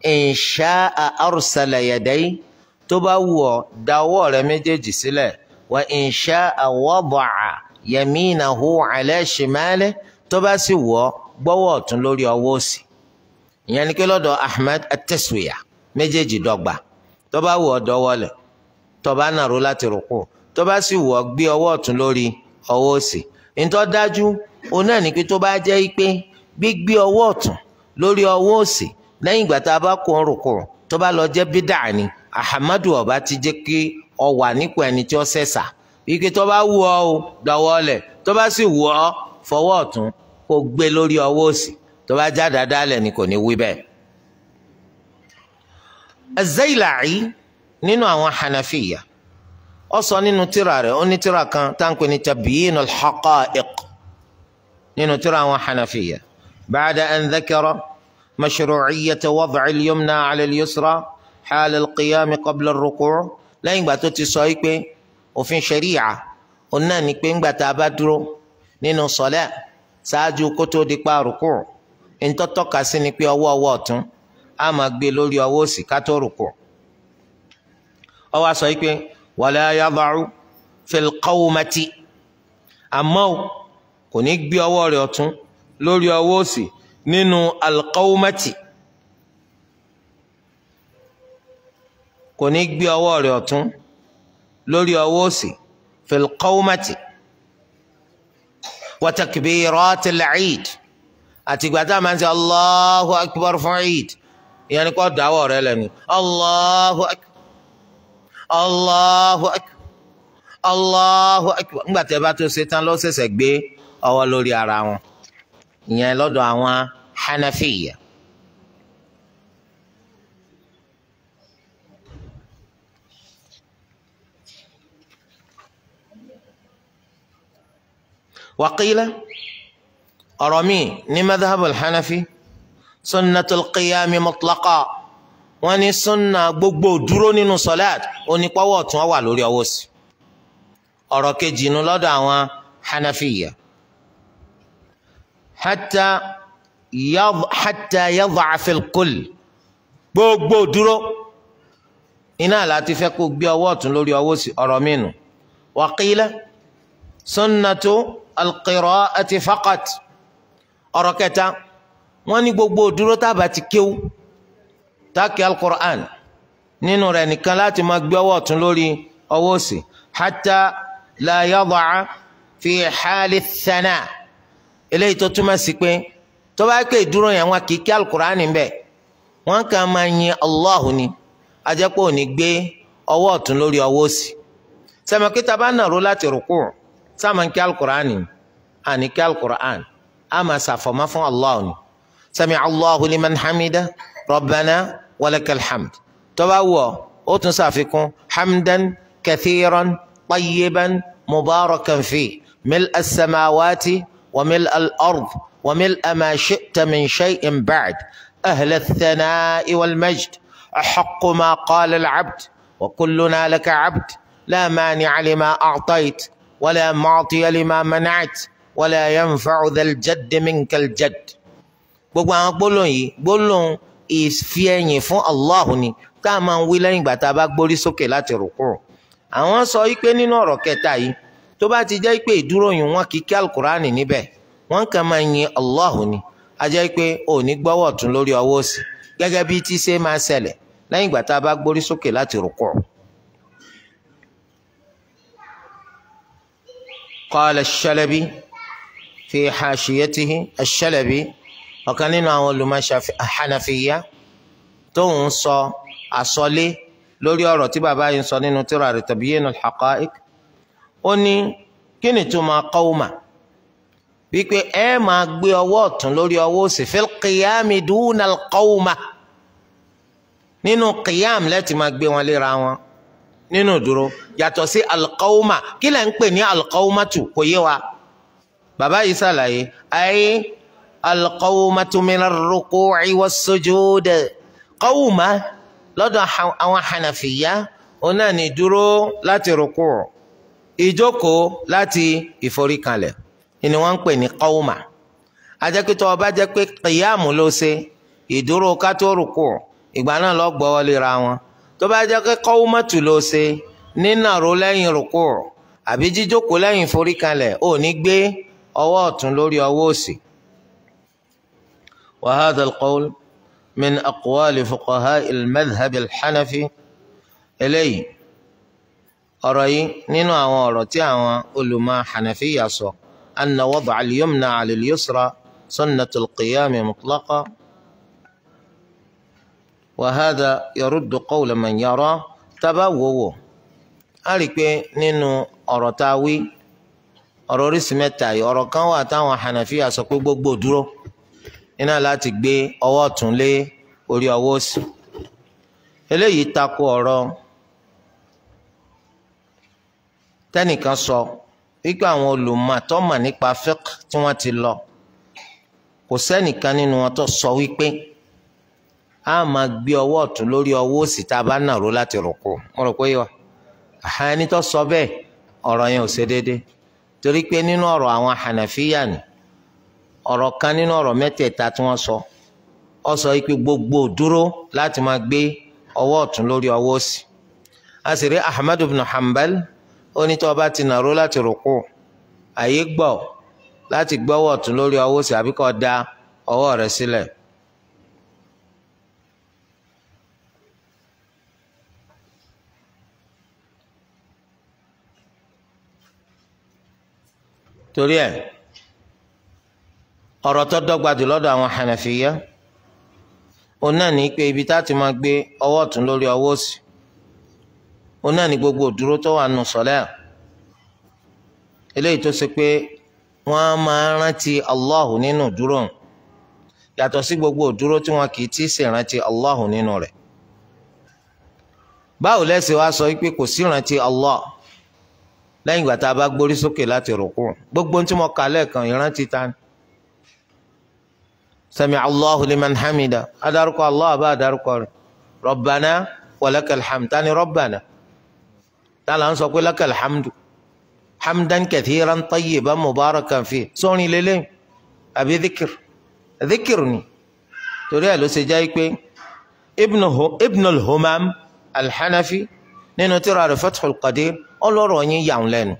إن شاء أرسل يديه tó bá wù ọ́ dáwọ́ rẹ̀ méjèèjì sílẹ̀ wa ìnṣá àwọ̀bọ̀à yẹmínà hu alẹ́ ṣìmálẹ̀ tó bá sì wọ̀ gbọ́wọ́ ọ̀tún lórí ọwọ́ òsì ìyẹn ni kí lọ́dọ̀ Ahmed atẹ́sùwìyà méjèèjì dọ́gba tó bá wọ̀ dọ́wọ́lẹ̀ tó bá nàró láti rúkú tó bá sì wọ̀ gbé ọwọ́ ọ̀tún lórí ọwọ́ òsì ntọ́ dájú òun náà ní pé tó bá jẹ́ pé gbígbé ọwọ́ ọ̀tún lórí ọwọ́ òsì lẹ́yìn ìgbà tá a bá kó orúkọ tó bá lọ jẹ́ bídà ni Ahmadu ọba ti jẹ́ kí ọ wà nípò ẹni tí ó sẹ̀sà ike tó bá wù ọ́ o dọ̀wọ́ lẹ̀ tó bá sì wù ọ́ fọwọ́ ọ̀tún kó gbé lórí ọwọ́ òsì tó bá já dáadáa lẹ̀ ni kò ní wí bẹ́ẹ̀. Az-Zaylai nínú àwọn Hanafiya ó sọ nínú tírà rẹ̀ ó ní tírà kan táǹkù ní Tabyinul Haqa'iq nínú tírà àwọn Hanafiya ba'da an dhakara mashru'iyyata wad'i al-yumna 'ala al qabla ar lẹ́yìn ìgbà tó ti sọ yìí pé òfin ṣẹ̀ríyà òun náà ni pé ńgbà tá a bá dúró nínú sọ̀lẹ́ ṣáájú kó tó di pa rùkù ntọ́tọ́ka sí ni pé ọwọ́ ọwọ́ ọ̀tún á máa gbé e lórí ọwọ́ òsì ká tó rùkù. ó wá sọ yìí pé wala yada'u fil àmọ́ kò ní gbé ọwọ́ rẹ̀ ọ̀tún lórí ọwọ́ òsì nínú al kò ní gbé ọwọ́ rẹ̀ ọ̀tún lórí ọwọ́ òsì fil qawmati wa takbiratil eid àtìgbà tá a máa ń sẹ Allahu akbar fún eid ìyẹn ni kò dáwọ́ rẹ̀ lẹ́nu Allahu akbar Allahu akbar Allahu akbar ńgbà tẹ́ bá tó ṣe tán ló ṣẹ̀ṣẹ̀ gbé ọwọ́ lórí ara wọn ìyẹn lọ́dọ̀ àwọn Hanafiya. wàkìlẹ̀ ọ̀rọ̀ mi ní madhab alhanafi sunnatul qiyami mutlaqa wọ́n ní sunna gbogbo dúró nínú sọláàt onípọwọ ọ̀tún wà lórí ọwọ́ sí ọ̀rọ̀ kejì inú lọ́dọ̀ àwọn hanafiya hatta hatta yadh'afa al-kull gbogbo dúró iná láti fẹ́ kó gbé ọwọ́ ọ̀tún lórí ọwọ́ sí ọ̀rọ̀ mìíràn wàkìlẹ̀ sunnatu alqira'ati faqat ọ̀rọ̀ kẹta wọ́n ní gbogbo dúró tábà ti kéwú táàkì alukur'an nínú rẹ̀ nìkan láti máa gbé ọwọ́ ọ̀tún lórí ọwọ́ òsì hatta la yada'a fi hali thana eléyìí tó túmọ̀ sí pé tó bá pé ìdúró yẹn wọn kì í kí alukur'an níbẹ̀ wọ́n kàn máa yin allah ni ajẹ́pọ̀ ò ní gbé ọwọ́ ọ̀tún lórí ọwọ́ òsì sẹ́mi kí tá bá nàró láti rúkú rùn. sáàmà ń kí alukur'an àní kí alukur'an a máa ṣàfọ̀mọ́ fún allah ni sami allahu liman hamida rabbana walakal hamd tó bá wù ọ́ tún ṣàfikún hamdan kathiran tayyiban mubarakan fi mil as-samawati wa mil al-ard wa mil ma shi'ta min shay'in ba'd أهل الثناء والمجد أحق ما قال العبد وكلنا لك عبد لا مانع لما أعطيت ولا معطي لما منعت ولا ينفع ذا الجد منك الجد gbogbo àwọn gbólóhùn yìí gbólóhùn ìfi ẹ̀yìn fún Allah ni tá a máa ń wí lẹ́yìn ìgbà tá a bá gbórí sókè láti rùkú àwọn sọ wípé nínú ọ̀rọ̀ kẹta yìí tó bá ti jẹ́ pé ìdúró yìí wọ́n kì í kí alukur'ani níbẹ̀ wọ́n kàn máa yin Allah ni a jẹ́ pé ò gbọ́wọ́ tún lórí ọwọ́ sí gẹ́gẹ́ bí tí máa ṣẹlẹ̀ lẹ́yìn ìgbà tá a bá gbórí sókè láti rùkú. قال الشلبي في حاشيته الشلبي ọ̀kan nínú àwọn olùmọ̀ṣà hanafiya tó ń sọ àsọlé lórí ọ̀rọ̀ tí bàbá yìí ń sọ nínú tírà rẹ̀ Tabyinul Haqa'iq ó ní kí ni tó máa qawma wípé ẹ máa gbé ọwọ́ ọ̀tún lórí ọwọ́ òsì fil qiyami dunal qawma nínú qiyam lẹ́tì máa gbé wọn léra wọn nínú dúró yàtọ̀ sí alqawma kí lẹ̀ ń pè ní alqawmatu kò yé wa bàbá yìí ṣàlàyé ayé alqawmatu minar ruku'i was sujud qawma lọ́dọ̀ àwọn hànàfìyà òun náà ní dúró láti rúkú ìjókòó láti ìforíkanlẹ̀ ni wọ́n ń pè ní qawma ajẹ́kítọ́ ọba jẹ́ pé qiyamu ló ṣe ìdúró kátó rúkú ìgbà náà lọ wọlé ra wọn. tó bá jẹ́ pé qawmatu ló ṣe ro lẹ́yìn rúkú àbí jíjókòó lẹ́yìn fori kale ò ní gbé ọwọ́ ọ̀tún lórí ọwọ́ òsì. wa hadha al-qawl min aqwal fuqaha al-madhhab al-hanafi eléyìí ọ̀rọ̀ yìí ninu àwọn ọ̀rọ̀ tí àwọn olùmọ̀ hanafiya sọ anna wad'a al-yumna 'ala al-yusra sunnatu al-qiyami mutlaqa. wàhádà yọrùdù qawla man yara tábà wòwò á rí i pé nínú ọ̀rọ̀ tá a wí ọ̀rọ̀ oríṣi mẹ́ta yìí ọ̀rọ̀ kan wà táwọn hànàfíà sọ pé gbogbo dúró iná láti gbé ọwọ́ ọ̀tún lé orí ọwọ́ òsì eléyìí tako ọ̀rọ̀ tẹ́nìkan sọ wípé àwọn olùmọ̀tọ́mọ̀ nípa fiqh tí wọ́n ti lọ kò sẹ́nìkan nínú wọn tó sọ wípé. So a máa gbé ọwọ́ ọ̀tún lórí ọwọ́ òsì tá a bá nàró láti rùkú mo rò pé yọ àhán ẹni tó sọ bẹ́ẹ̀ ọ̀rọ̀ yẹn ò ṣe déédé torí pé nínú ọ̀rọ̀ àwọn Hànàfíyà ni ọ̀rọ̀ kan nínú ọ̀rọ̀ mẹ́tẹ̀ẹ̀ta tí wọ́n sọ ọ sọ pé gbogbo dúró láti máa gbé ọwọ́ ọ̀tún lórí ọwọ́ òsì a sì rí Ahmad ibn Hanbal ó ní bá ti nàró láti rùkú àyè gbọ́ láti gbọ́wọ́ ọ̀tún lórí ọwọ́ òsì àbíkọ́ da ọwọ́ rẹ̀ sílẹ̀ torí ẹ ọ̀rọ̀ tó dọ́gba jù lọ́dọ̀ àwọn Hanafiya òun náà ní ibi tá a ti máa gbé ọwọ́ ọ̀tún lórí ọwọ́ òsì òun náà ní gbogbo òdúró tó wà nù sọ́lẹ́ à eléyìí tó ṣe pé wọ́n á máa rántí Allahu nínú dúró yàtọ̀ sí gbogbo òdúró tí wọn kì í ti ṣèrántí Allahu nínú rẹ̀ báwo lẹ́sìn wá sọ pé kò sí ìrántí Allah. lẹ́yìn ìgbà tá a bá gbórí sókè láti rùkú gbogbo tí mo kà lẹ́ẹ̀kan ìrántí ta ni. sami allahu liman hamida adarúkọ allah abá adarúkọ rẹ rọbànà wàlákàl hamd tani rọbànà tala ń sọ pé lákàl hamdu hamdan kathiran tayyiban mubarakan fi sọrin lélẹ́yìn àbí dhikr dhikr ni torí ẹ̀ ló ṣe jẹ́ pé ibnu al-humam al-hanafi. al humam nínú tírà rẹ̀ Fathul Qadir ọlọ́rọ̀ yín yà ń lẹ́nu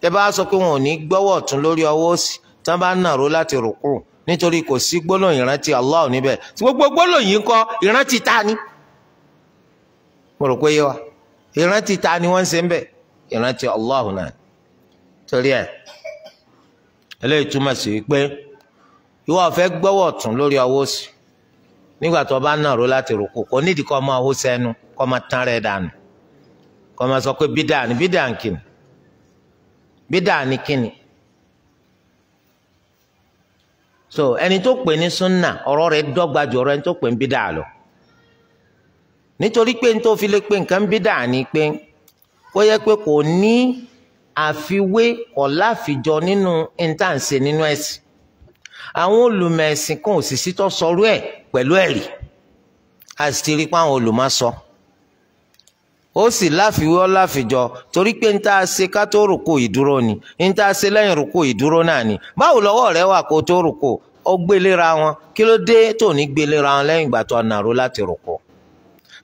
tẹ́ bá sọ pé wọn ò ní gbọ́wọ́ ọ̀tún lórí ọwọ́ òsì tán bá nàró láti rùkú nítorí kò sí gbólóhùn ìrántí Allah níbẹ̀ tí gbogbo gbólóhùn yìí kọ́ ìrántí ta ni mo rò pé yé wa ìrántí ta ni wọ́n ń ṣe ń bẹ̀ ìrántí Allah náà torí ẹ̀ eléyìí túmọ̀ sí pé ìwọ ọ̀fẹ́ gbọ́wọ́ ọ̀tún lórí ọwọ́ òsì nígbà tó bá nàró láti rùkú kò nídìí kọ́ máa hó sẹ́nu kọ́ máa dànù sọ pé bidan so ẹni tó pè ní súnà ọrọ rẹ̀ dọ́gba ju ọ̀rọ̀ ẹni tó pè ní bídà lọ nítorí pé ní tó fi lè pé nǹkan bídà ni pé kó yẹ pé ní àfiwé nínú intanse nínú ẹ̀sìn àwọn olùmọ̀ ẹ̀sìn kan ò sì sọrú ẹ̀ pẹ̀lú ẹ̀rí sọ. ó sì láfiwé ó láfijọ torí pé níta ṣe ká tó rùkú ìdúró ni níta ṣe lẹ́yìn rùkú ìdúró náà ni báwo lọ́wọ́ rẹ wà kó tó rùkú ó gbélera wọn kí ló dé tó ní gbélera wọn lẹ́yìn ìgbà tó nàró láti rùkú.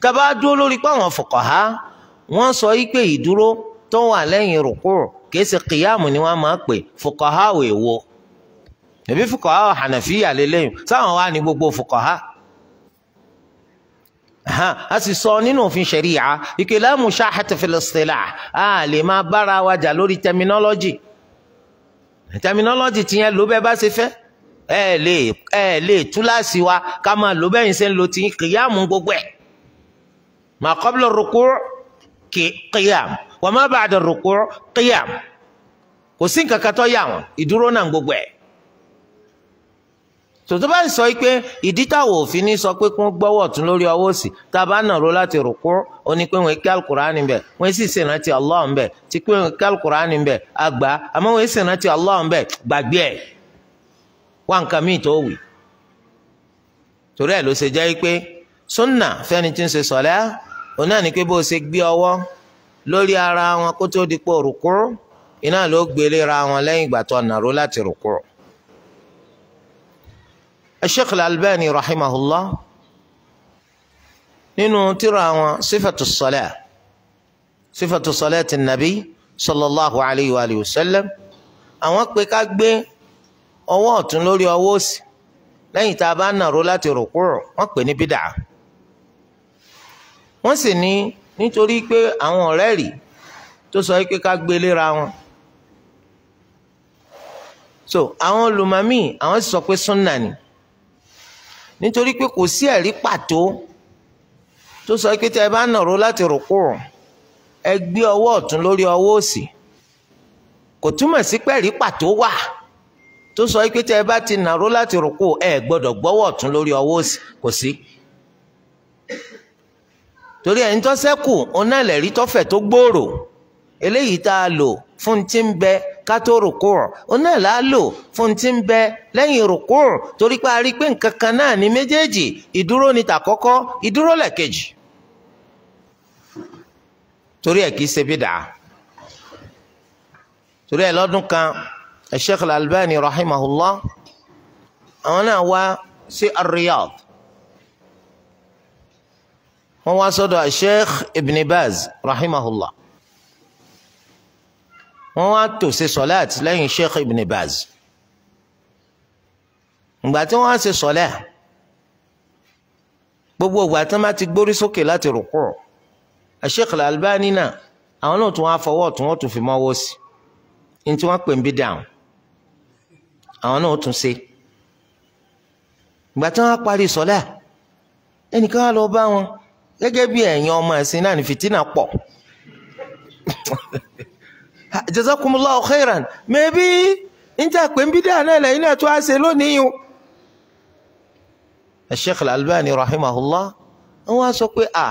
tàbá dúró lórí pé àwọn fuqaha wọ́n sọ wípé ìdúró tó wà lẹ́yìn rùkú kìí ṣe kìyàmù ni wọ́n máa pè fuqaha èwo. ẹ̀bí fuqaha hànàfíyà lélẹ́yìn sáwọn wà ní gbogbo fuqaha hàn a sì sọ nínú òfin ṣẹ̀ríyà ike la mushahata fil istilah a lè máa bára wa jà lórí terminology terminology tiyẹn ló bẹ́ẹ̀ bá ṣe fẹ́ ẹ lè ẹ lè túláàsì wa ká máa lò bẹ́ẹ̀ ṣe ń lo ti kìyàmù gbogbo ẹ̀ ma qabla ruku' kìyàm wa ma ba'da ruku' kìyàm kò sí nǹkan kan tó yà wọ́n ìdúró náà gbogbo ẹ̀ tòtò bá sọ pé ìdí táwọn òfin ní sọ pé kí wọ́n gbọ́wọ́ ọ̀tún lórí ọwọ́ òsì tá a bá nà ró láti rùkú ó ní pé wọ́n kí alukur'ani bẹ̀ wọ́n sì ṣèrántí Allah ń bẹ̀ tí pé wọ́n kí alukur'ani bẹ̀ àgbà àmọ́ wọ́n ṣèrántí Allah ń bẹ̀ gbàgbé ẹ̀ wá nǹkan míì tó wì. torí ẹ̀ ló ṣe jẹ́ pé sunna fẹ́ni tí ń ṣe sọ̀lẹ́ òun náà ni pé bó ṣe gbé ọwọ́ lórí ara wọn kó tó di pé rùkú iná ló gbélé ra wọn Sheikh Al-Albani rahimahullah nínú tírà wọn sífàtú sọlẹ sífàtú sọlẹ ti nàbí sallallahu alayhi wa alihi wa sallam àwọn pé ká gbé ọwọ́ ọ̀tún lórí ọwọ́ òsì lẹ́yìn tá a bá nàró láti rùkúrù wọ́n pè ní bídà wọ́n sì ní nítorí pé àwọn ọ̀rẹ́ rì tó sọ pé ká gbé léra wọn so àwọn olùmọ̀mí àwọn sì sọ pé súnà ni. So, nítorí pé kò sí ẹ̀rí pàtó tó sọ pé tí ẹ bá nàró láti rùkú ẹ gbé ọwọ́ ọ̀tún lórí ọwọ́ òsì kò túmọ̀ sí pé ẹ̀rí pàtó wà tó sọ pé tí ẹ bá ti nàró láti rùkú ẹ gbọ́dọ̀ gbọ́wọ́ ọ̀tún lórí ọwọ́ òsì kò sí. torí ẹni tó sẹ́kù ọ̀nà ẹ̀lẹ́rí tó tó gbòòrò eléyìí tá a lò fún ti ń bẹ kátó rùkú òun náà là á lò fún ti ń bẹ lẹ́yìn rùkú torí pé a rí i pé nǹkan kan náà ní méjèèjì ìdúró ni tàkọ́kọ́ ìdúró lẹ́ẹ̀kejì torí ẹ̀ kì í ṣe bí torí ẹ̀ lọ́dún kan Sheikh Al-Albani àwọn náà wá sí ar wọ́n wá sọ́dọ̀ Sheikh Ibn Baz wọ́n wá tò ṣe sọ́láàt lẹ́yìn sheikh ibn baz ìgbà tí wọ́n á ṣe sọ́láà gbogbo ìgbà tí wọ́n bá ti gbórí sókè láti rúkú sheikh al-albani náà àwọn náà tún wá fọwọ́ tún wọ́n tún fi mọ́wọ́ sí ní tí wọ́n pè ń bí dáhùn àwọn náà tún ṣe ìgbà tí wọ́n parí sọ́láà ẹnìkan á lọ bá wọn gẹ́gẹ́ bí ẹ̀yin ọmọ ẹ̀sìn náà ní fìtínà pọ̀. *laughs* jazakumullahu khairan mẹ́bí níta pé ń bídà náà lẹ́yìn náà tó á ṣe lónìí yìí. sheikh al-albani rahimahullah wọ́n á sọ pé à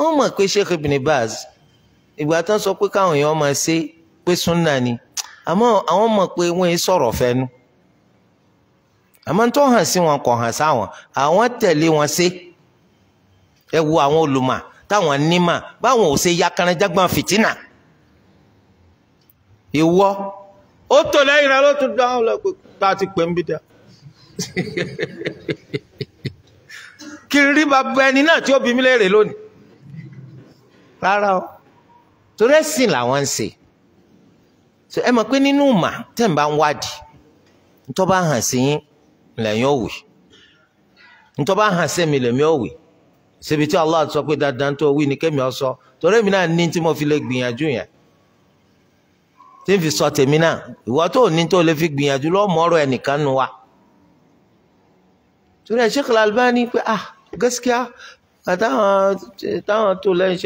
wọ́n mọ̀ pé sheikh ibn baz ìgbà tán sọ pé káwọn èèyàn máa ṣe pé súnà ni àmọ́ àwọn mọ̀ pé wọ́n ń sọ̀rọ̀ fẹ́nu àmọ́ tó hàn sí wọn kò hàn sáwọn àwọn tẹ̀lé wọn ṣe ẹ wo àwọn olùmọ̀ táwọn nímọ̀ báwọn ò ṣe yakaranjágbọ́n fìtínà. ìwọ ó tò lẹ́yìn rẹ ló tún dáhùn lọ pé tá a ti pè ń bí dá ẹni náà tí ó bí mi léèrè lónìí o torí ẹ̀sìn làwọn ń ṣe ẹ mọ̀ pé nínú ìmà tẹ̀ bá ń wádìí ntọ́ hàn sí yín lẹ́yìn òwe ntọ́ hàn sí mi lẹ́yìn tí Allah sọ pé dandan tó wí ni kémi ọ sọ torí èmi náà ní tí mo fi lè gbìyànjú tí n fi sọ tèmi náà ìwọ tó ní tó lè fi gbìyànjú lọ́mọ ọ̀rọ̀ ẹnìkan nu wa. torí ẹ Sheikh Al-Albani pé ah gaskiya àtàwọn táwọn tó lẹ́yìn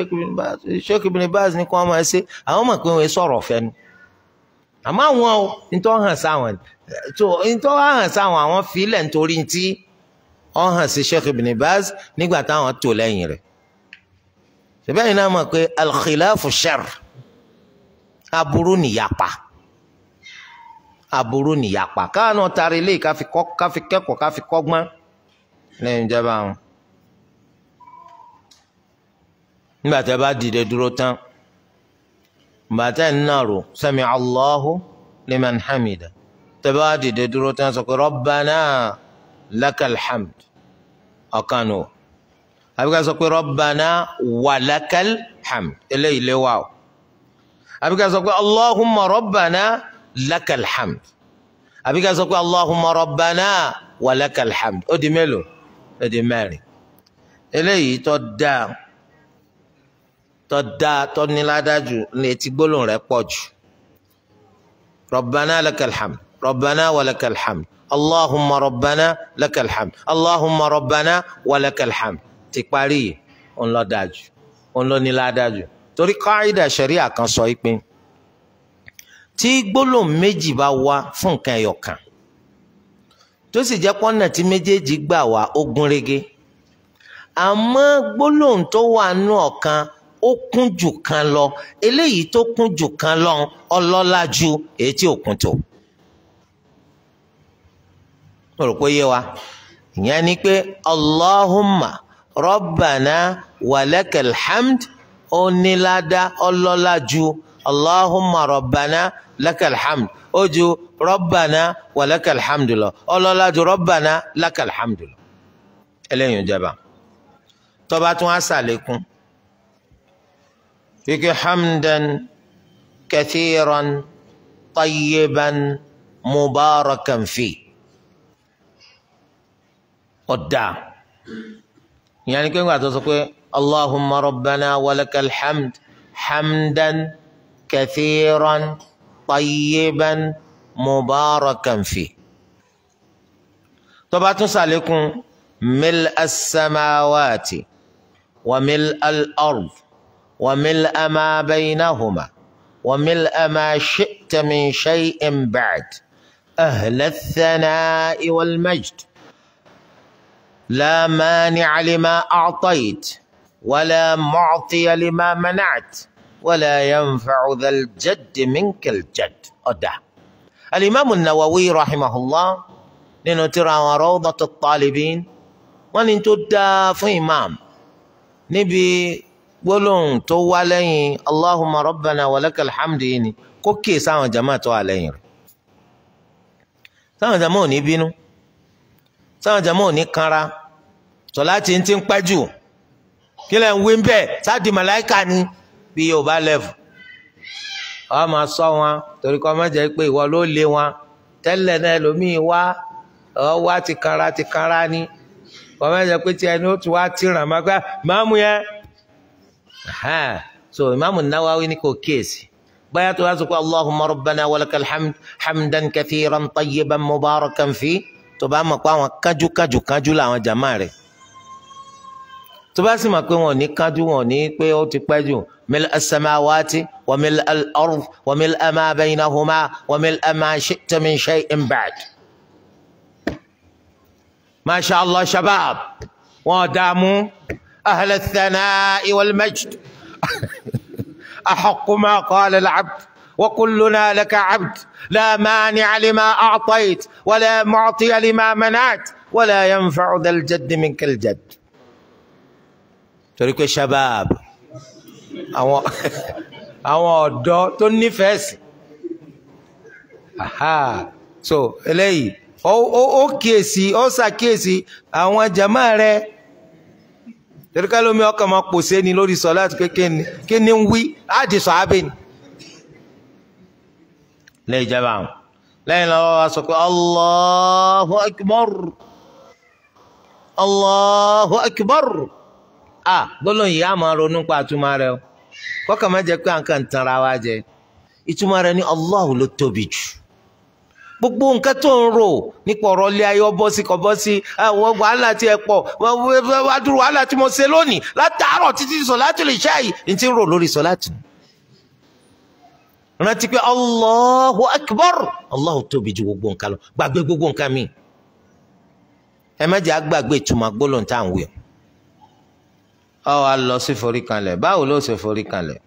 Sheikh Ibn Baz ní kí wọ́n máa ṣe àwọn mọ̀ pé wọ́n sọ̀rọ̀ ọ̀fẹ́ nu. àmọ́ àwọn o nítọ́ hàn sáwọn tó nítọ́ hàn sáwọn àwọn filẹ̀ nítorí tí wọ́n hàn sí Sheikh Ibn nígbà táwọn tó lẹ́yìn rẹ̀. ṣùgbọ́n ìnáwó mọ̀ pé al-khilafu aburú nìyapa aburú nìyapa káànù tari ilé káfi kẹ́kọ̀ọ́ káfi kọ́gbọ́n lẹ́yìn ìjọba àwọn. nígbà tí a bá dìde dúró tán bàtà náà rò sami allahu liman hamida tí a bá dìde dúró tán sọ pé rabbana lakal hamd ọ̀kanu àbíká sọ pé rabbana walakal hamd eléyìí lé wa o àbí ká sọ pé allahumma rabbana lakal hamd àbí ká sọ pé allahumma rabbana wa lakal hamd ó di mélòó ó di mẹ́rin eléyìí tó dáa tó dáa tó níládájú ní etí gbólóhùn rẹ̀ pọ̀ jù rabbana lakal hamd rabbana wa lakal hamd allahumma rabbana lakal allahumma rabbana wa lakal ti parí òun ló dájú òun ló níládájú torí káìdà ṣẹ̀ríà kan sọ pé tí gbólóhùn méjì bá wá fún nǹkan ẹyọ kan tó sì jẹ́ pọ́nà tí méjèèjì gbà wá ó gún régé àmọ́ gbólóhùn tó wà nú ọ̀kan ó kún jù kan lọ eléyìí tó kún jù kan lọ ọlọ́lá ju èyí tí tó. mo rò pé yé wa ìyẹn ni pé Allahumma rabbana walakal hamd ó ní ládá ọlọ́lá ju allahumma rabbana lakal hamd ó ju rabbana wa lakal hamd lọ ọlọ́lá ju rabbana lakal hamd lọ. ẹlẹ́yin ìjọba tọ́ba tún á sàlékún wíkẹ́ hamdan kathiran tayyiban mubarakan ọ̀dà ìyẹn ni pé ńgbà tó sọ pé. اللهم ربنا ولك الحمد حمدا كثيرا طيبا مباركا فيه طبعا تسالكم ملء السماوات وملء الارض وملء ما بينهما وملء ما شئت من شيء بعد اهل الثناء والمجد لا مانع لما اعطيت ولا معطي لما منعت ولا ينفع ذا الجد منك الجد أده الإمام النووي رحمه الله ننترى روضة الطالبين وننتدى في إمام نبي ولون تو علي اللهم ربنا ولك الحمد إني كوكي سام جماعة علي سام جموني بينو سام جموني كارا صلاتي انتين قجو kí lẹ̀ ń wí bẹ́ẹ̀ sáàdì màláìkà ni bí yóò bá lẹ́fù ọ máa sọ wọn torí kọ́ máa jẹ́ pé ìwọ ló lé wọn tẹ́lẹ̀ náà lómii wá ọ wá ti kanra ti kanra ni kọ́ máa jẹ́ pé tí ẹni ó ti wá ti ràn máa gbá máàmù yẹn so ìmáàmù Nawawi ni kò kíyèsí báyà tó wá sọ pé allahumma rabbana walakal hamdan kathiran tayyiban mubarakan fi tó bá mọ̀ pé àwọn kájú kájú kájú làwọn jàmáà rẹ̀. tó bá sì mọ̀ pé wọn ò ní kájú wọn ò ní pé ó ti pẹ́ jù mil as-samawati wa mil al-ard wa mil ma baynahuma wa mil ma shi'ta min shay'in ba'd. masha allah shabab wọn dààmú ahl ath-thana'i wal-majd ahaqqu ma qala al-'abd. وكلنا لك عبد لا مانع لما أعطيت ولا معطي لما منعت ولا ينفع ذا الجد منك الجد torí pé shabab àwọn *laughs* àwọn ọ̀dọ́ tó nífẹ̀ẹ́ sí so eléyìí ó ó kíyèsí ó ṣàkíyèsí àwọn jama rẹ torí ká lómi ọkàn máa pòṣe ni lórí sọ láti pé kí ni ń wí láti sọ abẹ lè jẹba àwọn lẹ́yìn lọ́wọ́ wa sọ pé Allahu akbar Allahu akbar. a gbólóhùn yìí á máa ronú pa àtúmọ̀ rẹ o kọ́kàn má jẹ́ pé à ń kàn tanra wa jẹ ìtumọ̀ ní ni Allahu ló tóbi jù gbogbo nǹkan tó ń rò nípa ọ̀rọ̀ ilé ayé ọbọ̀ sí sí àwọn wàhálà tí ẹ pọ̀ wàhálà tí mo ṣe lónìí látàárọ̀ títí lè ṣe àyè ní ti ń rò lórí gbogbo nǹkan lọ gbàgbé gbogbo nǹkan mi. ẹ má àgbàgbé ìtumọ̀ ọ wá lọ sí foríkanlẹ̀ báwo ló ṣe foríkanlẹ̀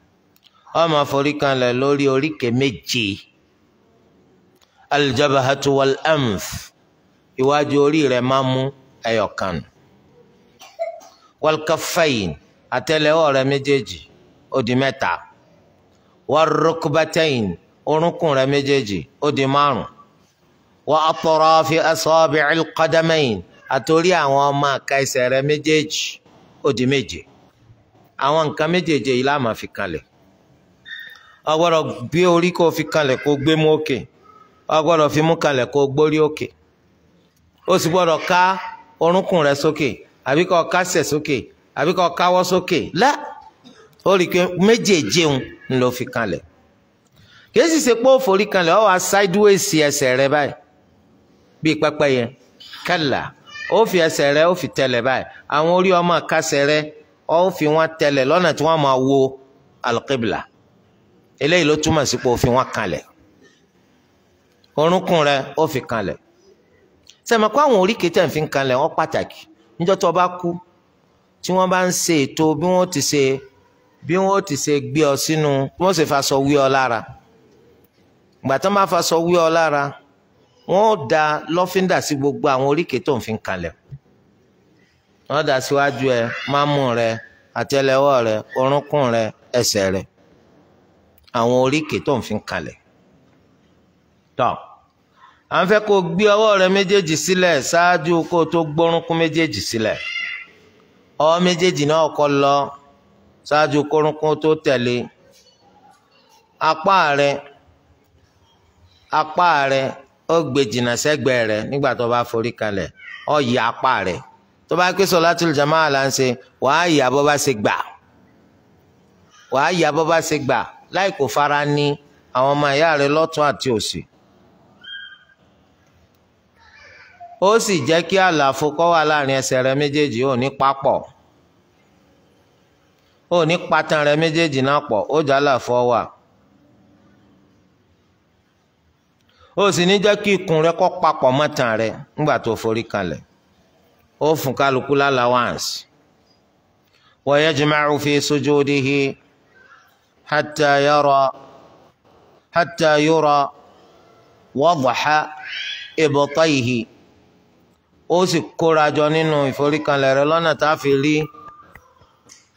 ọ máa foríkanlẹ̀ lórí oríkèé méje aljabahatu wal anf iwájú orí rẹ̀ máa mú ẹyọkan wal kaffayn àtẹ́lẹwọ́ rẹ̀ méjèèjì ó di mẹ́ta war rukbatayn orúnkún rẹ̀ méjèèjì ó di márùn wa atrafi asabi'il àtòrí àwọn ọmọ àka ẹsẹ̀ méjèèjì. Odi meje. méje àwọn nǹkan méjèèje yìí la fi kanlẹ̀ o gbọ́dọ̀ gbé orí fi kanlẹ̀ kó gbé mú òkè o fi mú kanlẹ̀ kó gbórí òkè o sì gbọ́dọ̀ ká orúnkún rẹ sókè àbí kó kásẹ̀ sókè àbí kó káwọ́ sókè lẹ́ ó ń fi kanlẹ̀ kì í sì ṣe pé ó forí kanlẹ̀ ó wá sideways ẹsẹ̀ rẹ báyìí bíi pẹ́pẹ́yẹ kẹ́là. ó fi ẹsẹ̀ rẹ ó fi tẹlẹ̀ báyìí àwọn orí ọmọ kásẹ̀ rẹ ó fi wọn tẹlẹ̀ lọ́nà tí wọ́n máa wo alqibla eléyìí ló túmọ̀ sí pé ó fi wọn kanlẹ̀ orúnkún rẹ ó fi kanlẹ̀ sẹ́mi kó àwọn oríkèé tẹ̀ ń fi kanlẹ̀ wọ́n pàtàkì níjọ́ tó bá kú tí wọ́n bá ń ṣe ètò bí wọ́n ti ṣe bí wọ́n ti ṣe gbé ọ sínú bí wọ́n sì fa aṣọ wí ọ lára ìgbà tó fa aṣọ wí ọ lára wọn ó da lọ́fíńdà sí gbogbo àwọn oríkèé tó ń fi kalẹ̀ wọn dà síwájú ẹ mámú rẹ àtẹ́lẹwọ́ rẹ orúnkún rẹ ẹsẹ̀ rẹ àwọn oríkèé tó ń fi kalẹ̀ tọ́ à ń fẹ́ kó gbé ọwọ́ rẹ méjèèjì sílẹ̀ ṣáájú kó o tó gbórúnkún méjèèjì sílẹ̀ ọwọ́ méjèèjì náà kọ́ lọ ṣáájú kórúnkún tó tẹ̀lé apá rẹ apá rẹ ó gbé jìnnà sẹ́gbẹ̀ẹ́ rẹ̀ nígbà tó bá forí kalẹ̀ ó yà apá rẹ̀ tó bá pé sọlátul jamaa là ń ṣe wàá yà bó bá ṣe gbà wàá yà bó bá ṣe gbà láì kò fara ní àwọn ọmọ ìyá rẹ̀ lọ́tún àti òsì. ó sì jẹ́ kí àlàfo kó wà láàrin ẹsẹ̀ rẹ̀ méjèèjì ò ní papọ̀ ò ní patan rẹ̀ méjèèjì náà pọ̀ ó jẹ́ àlàfo wà. ó sì ní jẹ́ kí ikùn rẹ kó papọ̀ mọ́tàn rẹ nígbà tó forí kalẹ̀ ó fún kálukú lálàwáǹsì wa yajma'u fi sujudihi hatta yara hatta yura wadha ibtayhi ó sì kórajọ nínú rẹ lọ́nà tá a fi rí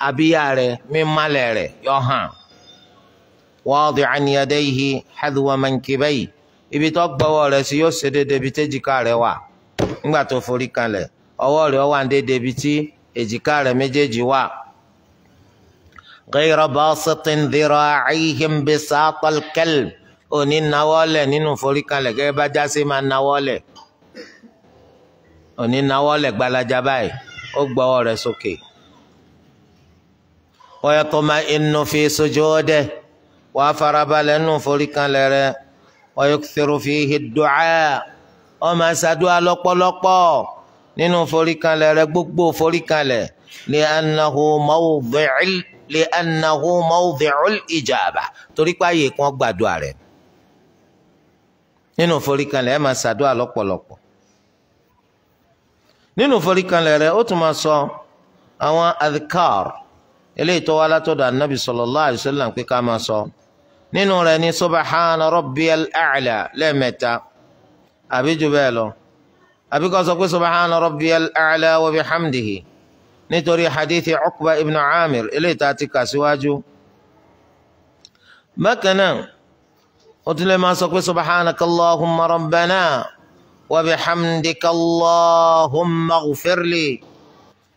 abíyá rẹ mímálẹ̀ rẹ yọ hàn ibi tó gbọ́wọ́ rẹ sí yóò ṣe déédéé ibi téjìká rẹ wà nígbà tó forí kalẹ̀ ọwọ́ rẹ wà déédéé ibi tí èjìká rẹ méjèèjì wà. غير باسط ذراعيهم بساط الكلب òní nawọ́ lẹ̀ nínú forí kalẹ̀ gẹ́gẹ́ bá jásí máa wa fi wàá ويكثر فيه الدعاء وما سدوا لقلقا nínú foríkanlẹ̀ rẹ̀ gbogbo foríkanlẹ̀ lè anahu mawdhi'il lè anahu mawdhi'ul ijaba torí pé ààyè kan gbàdúrà rẹ̀ nínú foríkanlẹ̀ ẹ máa ṣàdúrà lọ́pọ̀lọpọ̀ nínú foríkanlẹ̀ rẹ̀ ó tún máa sọ àwọn adhikar eléyìí tó wá látọ̀dọ̀ anabi sallallahu alaihi wasallam pé ká máa sọ. So. نينو لاني سبحان ربي الأعلى لمتى أبي جباله أبي قصوكي سبحان ربي الأعلى وبحمده نتوري حديث عقبة ابن عامر إلي تاتيكا سواجو مكنا أتلي ما سوكي سبحانك اللهم ربنا وبحمدك اللهم اغفر لي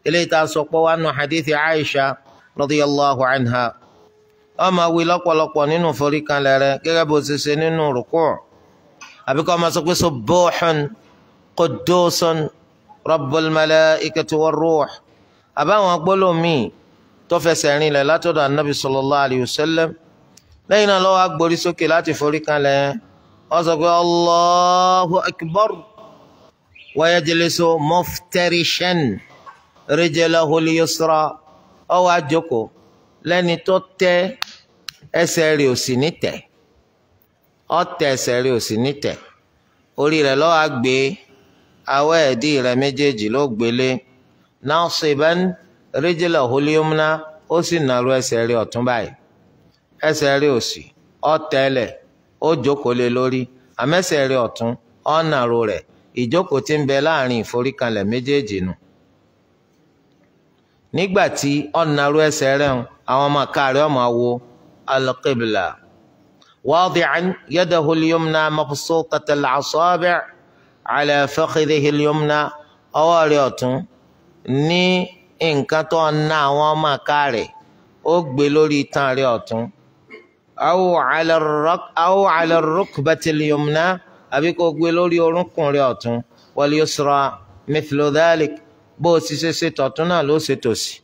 إلي تاسوكو وأنو حديث عائشة رضي الله عنها ó máa wí lọ́pọ̀lọpọ̀ nínú foríkanlẹ̀ rẹ̀ gẹ́gẹ́ bó ṣe ṣe nínú rúkú àbí kó máa sọ pé subuhun qudusun rabbul malaikati war ruh àbáwọn agbólómìn tó fẹsẹ̀ rinlẹ̀ látọ̀dọ̀ anabi sallallahu alayhi wa sallam lẹ́yìn náà ló wá gbórí sókè láti foríkanlẹ̀ ó sọ pé allahu akbar wa yajlisu muftarishan rijlahu al-yusra ó wá jókòó tó tẹ́ ẹsẹ̀ rẹ̀ ò sì ní tẹ̀ ọ̀tẹ̀ ẹsẹ̀ rẹ̀ ò sì ní tẹ̀ orí rẹ̀ lọ́wọ́ gbé awọ́ ẹ̀dí rẹ̀ méjèèjì ló gbélé nasiban rijlahu al-yumna ó sì nàró ẹsẹ̀ rẹ̀ ọ̀tún báyìí ẹsẹ̀ rẹ̀ òsì ọ̀tẹ̀lẹ̀ ó jókòó lé lórí àmẹ́sẹ̀ rẹ̀ ọ̀tún ó nàró rẹ̀ ìjókòó ti ń bẹ láàrin ìforíkanlẹ̀ méjèèjì nù nígbà tí ó nàró ẹsẹ̀ rẹ̀ àwọn ọmọ káàárẹ̀ ọmọ wo القبلة واضعا يده اليمنى مبسوطة الأصابع على فخذه اليمنى أوريوت ني إن كتو أنا وما كاري أقبلوا تاريوت أو على الرك أو على الركبة اليمنى أبيك أقبلوا لي واليسرى مثل ذلك بوسي سيتوتنا لو سيتوسي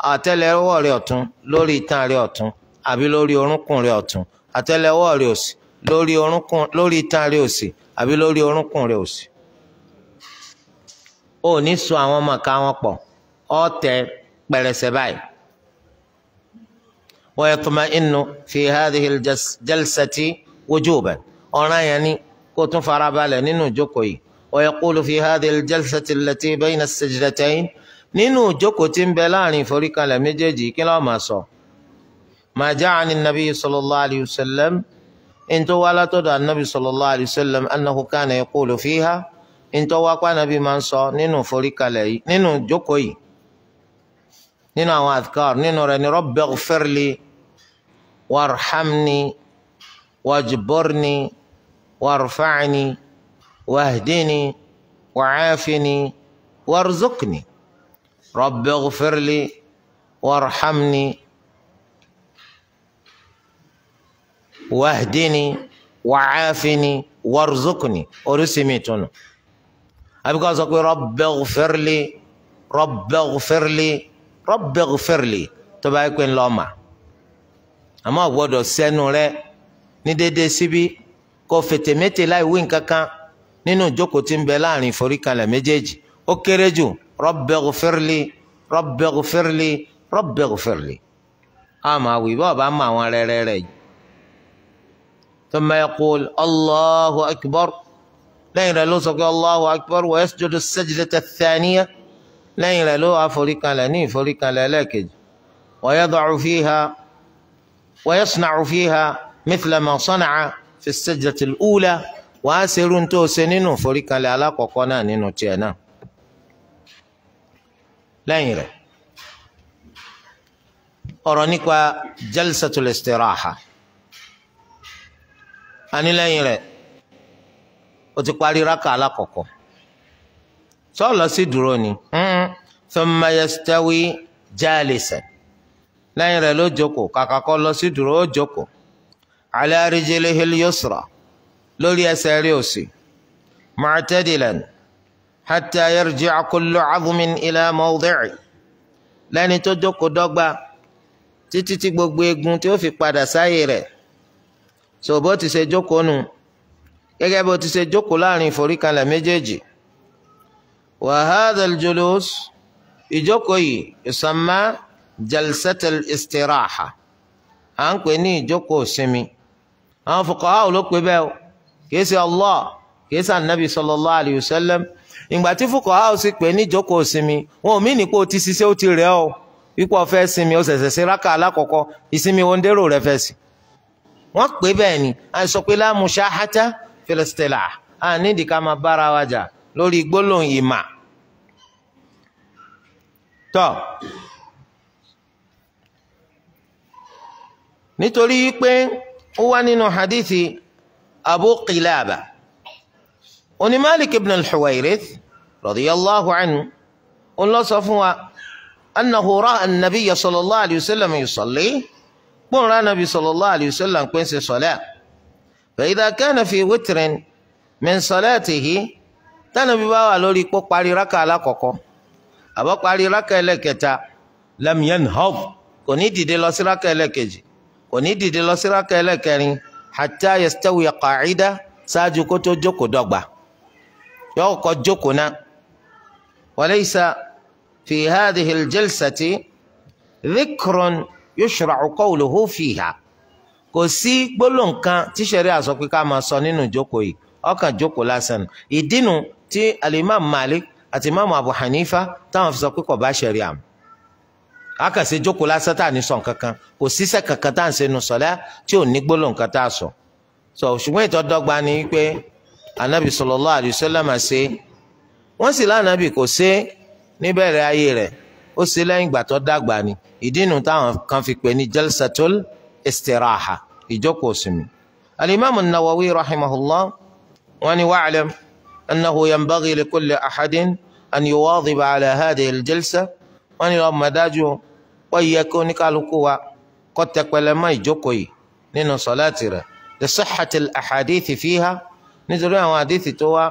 أتلي أوريوت لوري تاريوت àbí lórí orúnkún rẹ ọ̀tún àtẹ́lẹwọ́ rẹ òsì lórí orúnkún lórí itan rẹ òsì àbí lórí orúnkún rẹ òsì. o ò ní so àwọn ọmọ ká wọn pọ̀ ọ tẹ pẹrẹsẹ báyìí. wa yatma'innu fi hadhihi al-jalsati wujuban ọ̀ràn yẹn ni kó tún farabalẹ̀ nínú ìjókòó yìí wa yaqulu fi hadhihi al-jalsati allati bayna nínú ìjókòó tí ń bẹ láàrin ìforíkalẹ̀ méjèèjì kí ló máa sọ. So. ما جاء عن النبي صلى الله عليه وسلم إن توالا تدع النبي صلى الله عليه وسلم أنه كان يقول فيها إن تواقع نبي من صار نينو فريق لي نينو جوكوي نينو أذكار نينو رني رب اغفر لي وارحمني واجبرني وارفعني واهدني وعافني وارزقني رب اغفر لي وارحمني wàhdínì wàcáfínì wàrzùkùnì orísìmí tunu àbíkọ́ sọ pé rọ́bẹ́gùfẹ́rẹ́lì rọ́bẹ́gùfẹ́rẹ́lì rọ́bẹ́gùfẹ́rẹ́lì tó bá yẹ pé ńlọ mà àmọ́ gbọ́dọ̀ sẹ́nu rẹ ní déédéé síbí kó fètèmétè láì wí nǹkankan nínú ìjókòó tí ń bẹ láàrin ìforíkalẹ̀ méjèèjì ó kéré jù rọ́bẹ́gùfẹ́rẹ́lì rọ́bẹ́gùfẹ́rẹ́lì rọ́bẹ́gùfẹ́rẹ́lì àmọ́ àwìn bọ́ọ̀ bá mọ àwọn rẹ́rẹ́ rẹ̀ yìí. ثم يقول الله أكبر لا إله إلا الله الله أكبر ويسجد السجدة الثانية لا إله إلا الله فريقا لني فريقا لكج ويضع فيها ويصنع فيها مثل ما صنع في السجدة الأولى وأسر توسنين فريقا لألاق وقنا نينو تينا لا إله أرانيكوا جلسة الاستراحة anilẹ́yìn rẹ̀ o ti parí raka alákọ̀ọ́kọ́ sọ́ọ̀lọ́ sí dúró ni mm-hmm. thumma yastawi jalisan lẹ́yìn rẹ̀ ló jókòó kàkà kọ́ lọ sí dúró ó jókòó ala rijlihil yusra lórí ẹsẹ̀ rẹ̀ òsì mu'tadilan hatta yarji'a kullu 'azmin ila mawdi'i lẹ́ni tó jókòó dọ́gba títí tí gbogbo eegun tí ó fi padà sáyé rẹ̀ so bó ti ṣe jókòó nù gẹ́gẹ́ bó ti ṣe jókòó láàrin ìforíkanlẹ̀ méjèèjì wa hadha al-julus ìjókòó yìí yusamma jalsat istiraha à ń pè ní ìjókòó sinmi àwọn fuqaha ló pè bẹ́ẹ̀ o kìí ṣe Allah kìí ṣe anabi sallallahu alayhi wa sallam ìgbà tí fuqaha sì pè ní ìjókòó sinmi wọn ò mí nípò ti ṣiṣẹ́ ó ti rẹ̀ ọ́ wípé ó fẹ́ sinmi ó ṣẹ̀ṣẹ̀ ṣe rákà alákọ̀ọ́kọ́ ìsinmi wọn dérò rẹ̀ fẹ́ sí wọ́n pè bẹ́ẹ̀ ni àìsọ pé la mushahata fil istilah à nídìí ká máa bára wa jà lórí gbólóhùn ìmà. tọ́ nítorí pé ó wá nínú hadithi abu qilaba oní malik ibn al-huwayrith radiyallahu anhu ó lọ sọ fún wa annahu ra'a an-nabiyya alayhi wa sallam yusalli pọ́nra nàbì sallallahu alayhi wa sallam pé ń ṣe sọ̀lẹ́ fa idha kana fi witrin min salatihi tánàbí bá wà lórí pọ́ parí rákà alákọ̀ọ́kọ́ àbọ̀ parí rákà ẹlẹ́kẹta lam yanhad kò ní dìde lọ sí rákà ẹlẹ́kẹjì kò ní dìde lọ sí rákà ẹlẹ́kẹrin hatta yastawi qa'ida ṣáájú kó tó jókòó dọ́gba yóò kọ́ jókòó náà walaysa fi hadhihi aljalsati yushra'u qawluhu fiha kò sí gbólóhùn kan tí sẹ́rí àsọ pé ká máa sọ nínú ìjókòó yìí ọkàn jókòó lásán nù ìdínú tí alimami Malik àti imaamu Abu Hanifa táwọn fi sọ pé kò bá sẹ́rí àmì akànṣe jókòó lásán tá à ní sọ kankan kò síṣẹ́ kankan tá à ń ṣe nu tí ò ní gbólóhùn kan tá à sọ sọ ṣùgbọ́n ìtọ́ dọ́gba ni pé anabi sallallahu alaihi wasallam ṣe wọ́n sì lánàbì kò ṣe níbẹ̀rẹ̀ ayé rẹ̀ ó ṣe lẹ́yìn ìgbà tó dàgbà ni ìdínú táwọn kan fi pè ní jalsatul istiraha ìjókòó sinmi. alimami nawawi rahimahullah wọ́n ní wa'lam annahu yanbaghi li kulli ahadin an yuwadhiba ala hadhihi aljalsa wọ́n ní ọmọ dájú wọ́n yẹ kí oníkálukú wa kó tẹpẹlẹ mọ́ ìjókòó yìí nínú sọláàtì rẹ̀ li sihhati alahadithi fiha nítorí àwọn àdìsí tó wá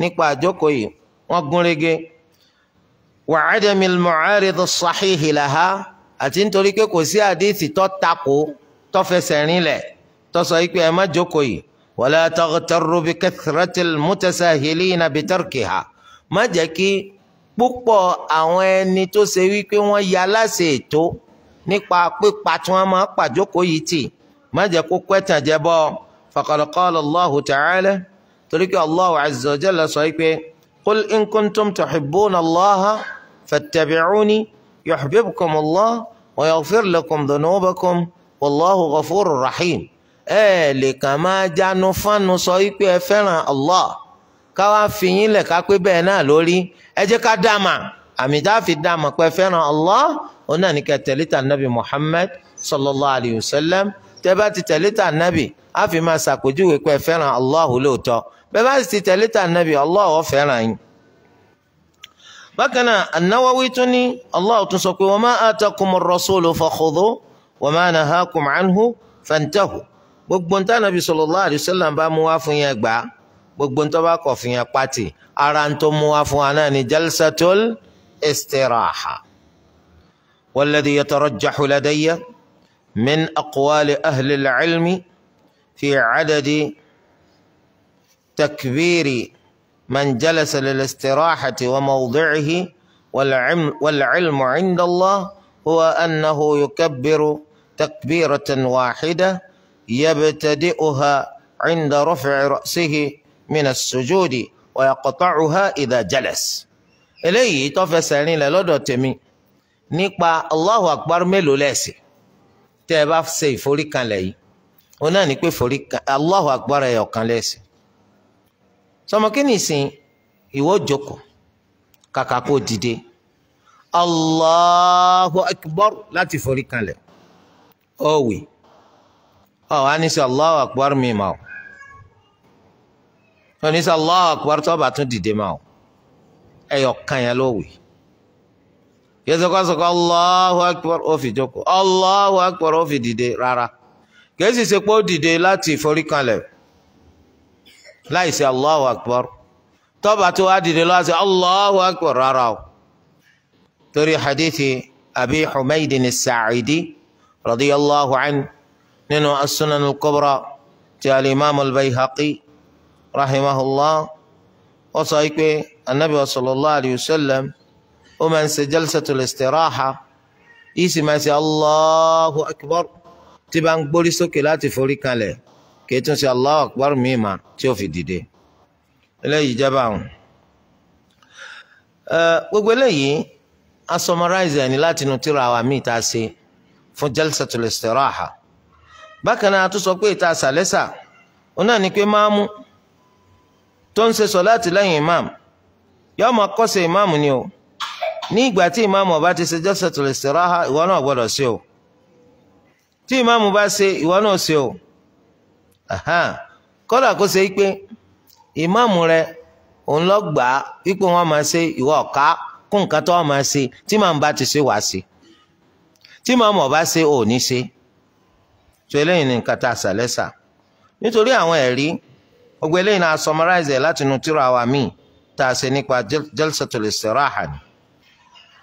nípa àjókòó yìí wọ́n gúnrégé wa adami al-mu'arid as-sahih laha àti nítorí pé kò sí àdéhìí tó takò tó fẹsẹ̀ rinlẹ̀ tó sọ yìí pé ẹ má jókòó yìí wala taghtarru bi kathratil mutasahilina bi tarkiha má jẹ́ kí púpọ̀ àwọn ẹni tó ṣe wípé wọ́n ya láṣẹ ètò nípa pípa tí wọ́n máa pàjókòó yìí tì má jẹ́ kó kwẹ́tàn jẹ bọ́ faqad qala فاتبعوني يحببكم الله ويغفر لكم ذنوبكم والله غفور رحيم ẹ lè kàn máa jánu fánu sọ wípé ẹ fẹ́ràn Allah ká wá fi yín lẹ̀ ká pé bẹ́ẹ̀ náà lórí ẹ jẹ́ ká dàmà àmì tá a fi dàmà pé fẹ́ràn Allah òun náà ní kẹ́ tẹ̀lé tà nàbì Muhammad sallallahu alayhi wa sallam tẹ́ bá ti tẹ̀lé nàbì á fi máa ṣàpèjúwe pé fẹ́ràn Allah lóòótọ́ bẹ́ẹ̀ bá ti tẹ̀lé nàbì Allah ó fẹ́ràn yín. bákan náà anáwáwí tún ní Allah tún sọ pé wa ma atakumur rasulu fakhudhu wa ma nahakum anhu fantahu gbogbo ntá nàbí sallallahu alaihi wasallam bá mú wá fún yẹn gbà gbogbo ntọ́ bá kọ̀ fún yẹn pátì ara ntọ́ mú wá fún wa náà ní jalsatul istiraha walladhi yatarajjahu ladayya min aqwali ahli al-ilmi fi adadi takbiri. من جلس للاستراحة وموضعه والعلم عند الله هو أنه يكبر تكبيرة واحدة يبتدئها عند رفع رأسه من السجود ويقطعها إذا جلس إلي تفسني لدوتمي نقبع الله أكبر ملو لسي تبافسي فوريكا لي هنا فوليكا الله أكبر يوكا لسي sọmọ kí ni sìn ìwọ jókòó kàkà kó dìde allahu akbar láti forí kanlẹ̀ ọ̀wì ọ̀ wá ní sọ allahu akbar mi ma o ọ̀ ní sọ allahu akbar tó bá tún dìde ma o ẹ̀yọ̀ kan yẹn ló wì yẹsọkọsọkọ allahu akbar ó fi jókòó allahu akbar ó fi dìde rárá kèésì ṣe dìde láti forí kanlẹ̀ láì ṣe allahu akbar tọ́ba tó wá dìde lọ́wọ́ ṣe allahu akbar rárá o torí hadithi abi humaydin as-sa'idi radiyallahu anhu nínú as-sunan al-kubra ti alimami al-bayhaqi rahimahullah ó sọ pé anabi wa sallallahu alayhi wa sallam ó máa ń ṣe jalsatul istiraha yìí sì máa allahu akbar tí bá ń gbórí sókè láti forí kalẹ̀. kì í tún ṣe Allahu Akbar mímà tí o fi dìde eléyìí jẹba àwọn. gbogbo eléyìí a summarize ẹni láti inú tíra àwa míì tá a ṣe fún jalsatul istiraha bákan náà a tún sọ pé ìta àṣàlẹ́sà ó náà ní pé máàmú tó ń ṣe sọ̀láàtì lẹ́yìn imáàmù yóò máa kọ́sẹ̀ imáàmù ni o ní ìgbà tí ìmáàmù ọba ti ṣe jalsatul istiraha ìwọ náà gbọ́dọ̀ ṣe o tí ìmáàmù bá ṣe ìwọ náà o. kódà kó ṣe ikpe! ìmáàmù rẹ òun lọ gbà á ṣe ìwọ ọ̀ká kụ nǹkan tó wọn ṣe tí màmú bá ti ṣe wàá ṣe tí màmú ọba ṣe ò ṣe tó eléyìí ní nǹkan tá a nítorí àwọn ẹ̀rí eléyìí náà summarize ẹ̀ láti míì tá a ṣe nípa jalsatul istiraha ni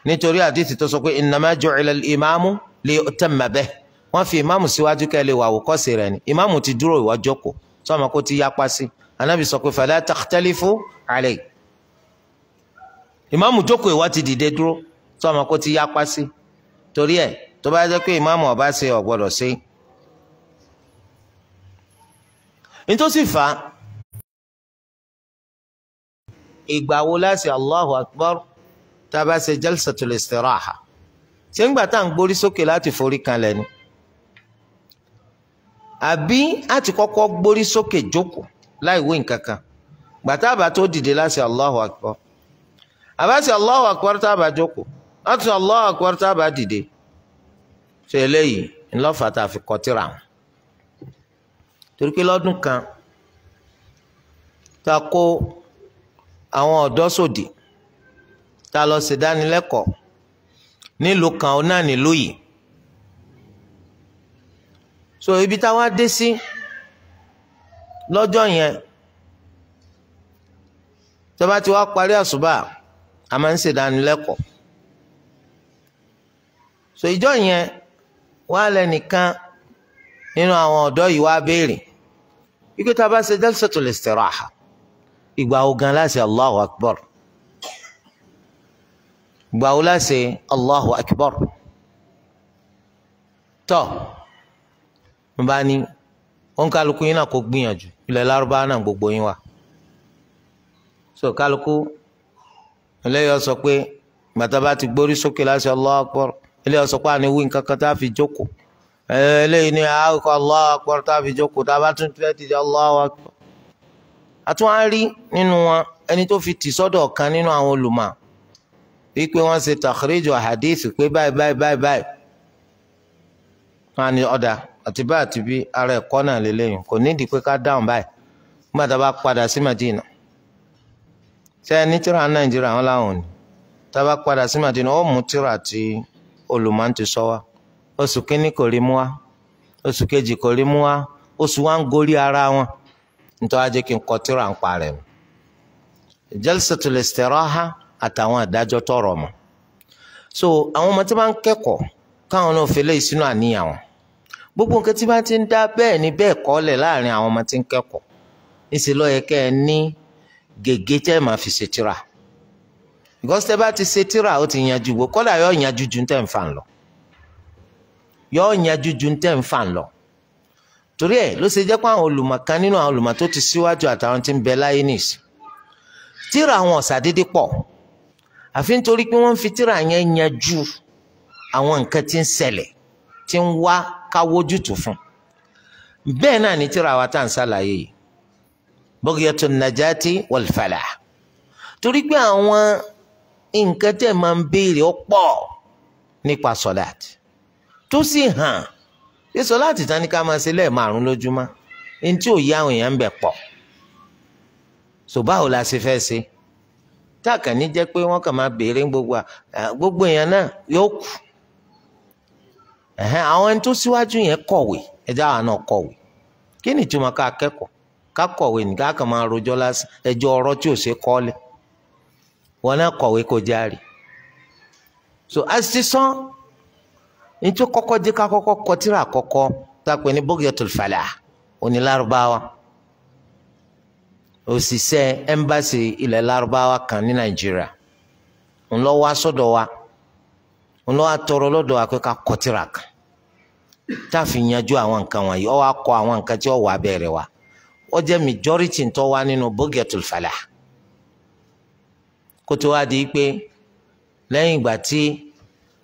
nítorí àdìsí tó sọ pé innama wọ́n fi ìmáàmù síwájú kẹ́ lè wà àwòkọ́ṣe rẹ̀ ni ìmáàmù ti dúró ìwọ jókòó sọ́mọ kó ti yapa sí anábì sọ pé fala takhtalifu alayhi ìmáàmù jókòó ìwọ ti dìde dúró sọ́mọ kó ti yapa sí torí ẹ̀ tó bá jẹ́ pé ìmáàmù ọ̀bá ṣe ọ̀gbọ́dọ̀ ṣe. nítòsí fa ìgbà wo láti Allahu Akbar tá a bá ṣe jalsatul istiraha ṣé ń gbà tá à ń gbórí sókè láti forí kan lẹ́nu àbí àti kọ́kọ́ gbórí sókè jókòó láì wí nǹkan kan gbàtà àbá tó dìde láti Allahu Akbar àbá sí Allahu Akbar tá àbá jókòó láti Allahu Akbar tá àbá dìde ṣe eléyìí ńlọ́fà tá a fi kọ́ tíra wọn. torí pé lọ́dún kan ta kó àwọn ọ̀dọ́ sòdì ta lọ ṣèdánilẹ́kọ̀ọ́ nílùú kan ó nílùú yìí so ibi táwa dé sí lọ́jọ́ yẹn tó bá ti wá parí àṣùbà a máa ń ṣèdánilẹ́kọ̀ọ́ so ìjọ yẹn wàá lẹ́nìkan nínú àwọn ọ̀dọ́ yìí wá béèrè ike tá a bá ṣe jalsatul istiraha ìgbà wo gan la allahu akbar ìgbà wo la allahu akbar tọ́. So, mo bá ní wọn kálukú yín náà kó gbìyànjú ilẹ̀ náà gbogbo yín so kálukú ẹlẹ́yọ̀ sọ pé bàtà bá ti gbórí sókè láti Allahu Akbar sọ pé àní wí nǹkan kan tá a fi jókòó eléyìí ni tá fi jókòó tá a ti àtún á rí nínú wọn ẹni tó fi tì sọ́dọ̀ kan nínú àwọn olùmọ̀ wọ́n ṣe pé báyìí báyìí báyìí báyìí á àti bá àti bí ara ẹ̀kọ́ náà lélẹ́yìn kò nídìí pé ká dáhùn báyìí nígbà tá a bá padà sí Madina ṣé ẹni tíra Nàìjíríà wọn làwọn ni tá a bá padà sí Madina ó mú tíra olùmọ̀ ti sọ wa oṣù kínní kò rí mú wa oṣù kejì kò rí mú wa oṣù wa ń gorí ara wọn nítorí ajé kí n kọ tíra ń parẹ́ mu tọrọ mọ́ so àwọn ọmọ tí wọ́n gbogbo nǹkan tí bá ti ń dá bẹ́ẹ̀ ni bẹ́ẹ̀ kọ́lẹ̀ láàrin àwọn ọmọ tí ń kẹ́kọ̀ọ́ níṣẹ́ ló kẹ́ ẹ ní gègé tẹ́ ẹ máa fi ṣe tíra because tẹ́ bá ti ṣe tíra ó ti yanjú wo kọ́lá yóò yanjú ju tẹ́ ń fà ń lọ yóò yanjú ju tẹ́ ń fà ń lọ torí ẹ̀ ló ṣe jẹ́ pé àwọn olùmọ̀ kan nínú àwọn olùmọ̀ tó ti síwájú àtàwọn tí ń bẹ láyé nìsí tíra àwọn ọ̀sàdédé pọ̀ àfi nítorí pé wọ́n fi tíra yẹn yanjú àwọn nǹkan tí ń ṣẹlẹ̀ tí ń wá káwójútùú fún bẹ́ẹ̀ náà ní tíra wa tá à ń ṣàlàyé yìí bọ́gìyàtò nàjàtì wọlfàlà torí pé àwọn nǹkan tẹ̀ máa ń béèrè ó pọ̀ nípa sọ̀láàtì tó sì hàn pé sọ̀láàtì tán ká máa ṣe lẹ́ẹ̀márùn lójúmọ́ ní tí ò àwọn èèyàn ń bẹ̀ pọ̀ so báwo la fẹ́ ṣe tá ní jẹ́ pé wọ́n kàn máa béèrè gbogbo èèyàn náà yóò kù ẹ̀hẹ́n àwọn ẹni tó síwájú yẹn kọ̀wé ẹjẹ́ àwọn náà kọ̀wé kí ni ìtumọ̀ ká kẹ́kọ̀ọ́ ká kọ̀wé nìkan kàn máa rojọ́ lásán ẹjọ́ ọ̀rọ̀ tí ò ṣe kọ́lé wọn náà kọ̀wé kò járe so asisan nítorí kọ́kọ́ ká kọ́kọ́ kọ ilẹ̀ lárúbáwá kan ní Nàìjíríà ńlọ́wọ́ sọ́dọ̀ ń lọ́wọ́ atọrọ lọ́dọ̀ wa pé ká kọ tírà kan yanjú àwọn nǹkan wọ̀nyí ó wá àwọn nǹkan tí ó wà wa ó jẹ́ majority tó wá nínú Bugyatul Falah kó tó wá di pé lẹ́yìn ìgbà tí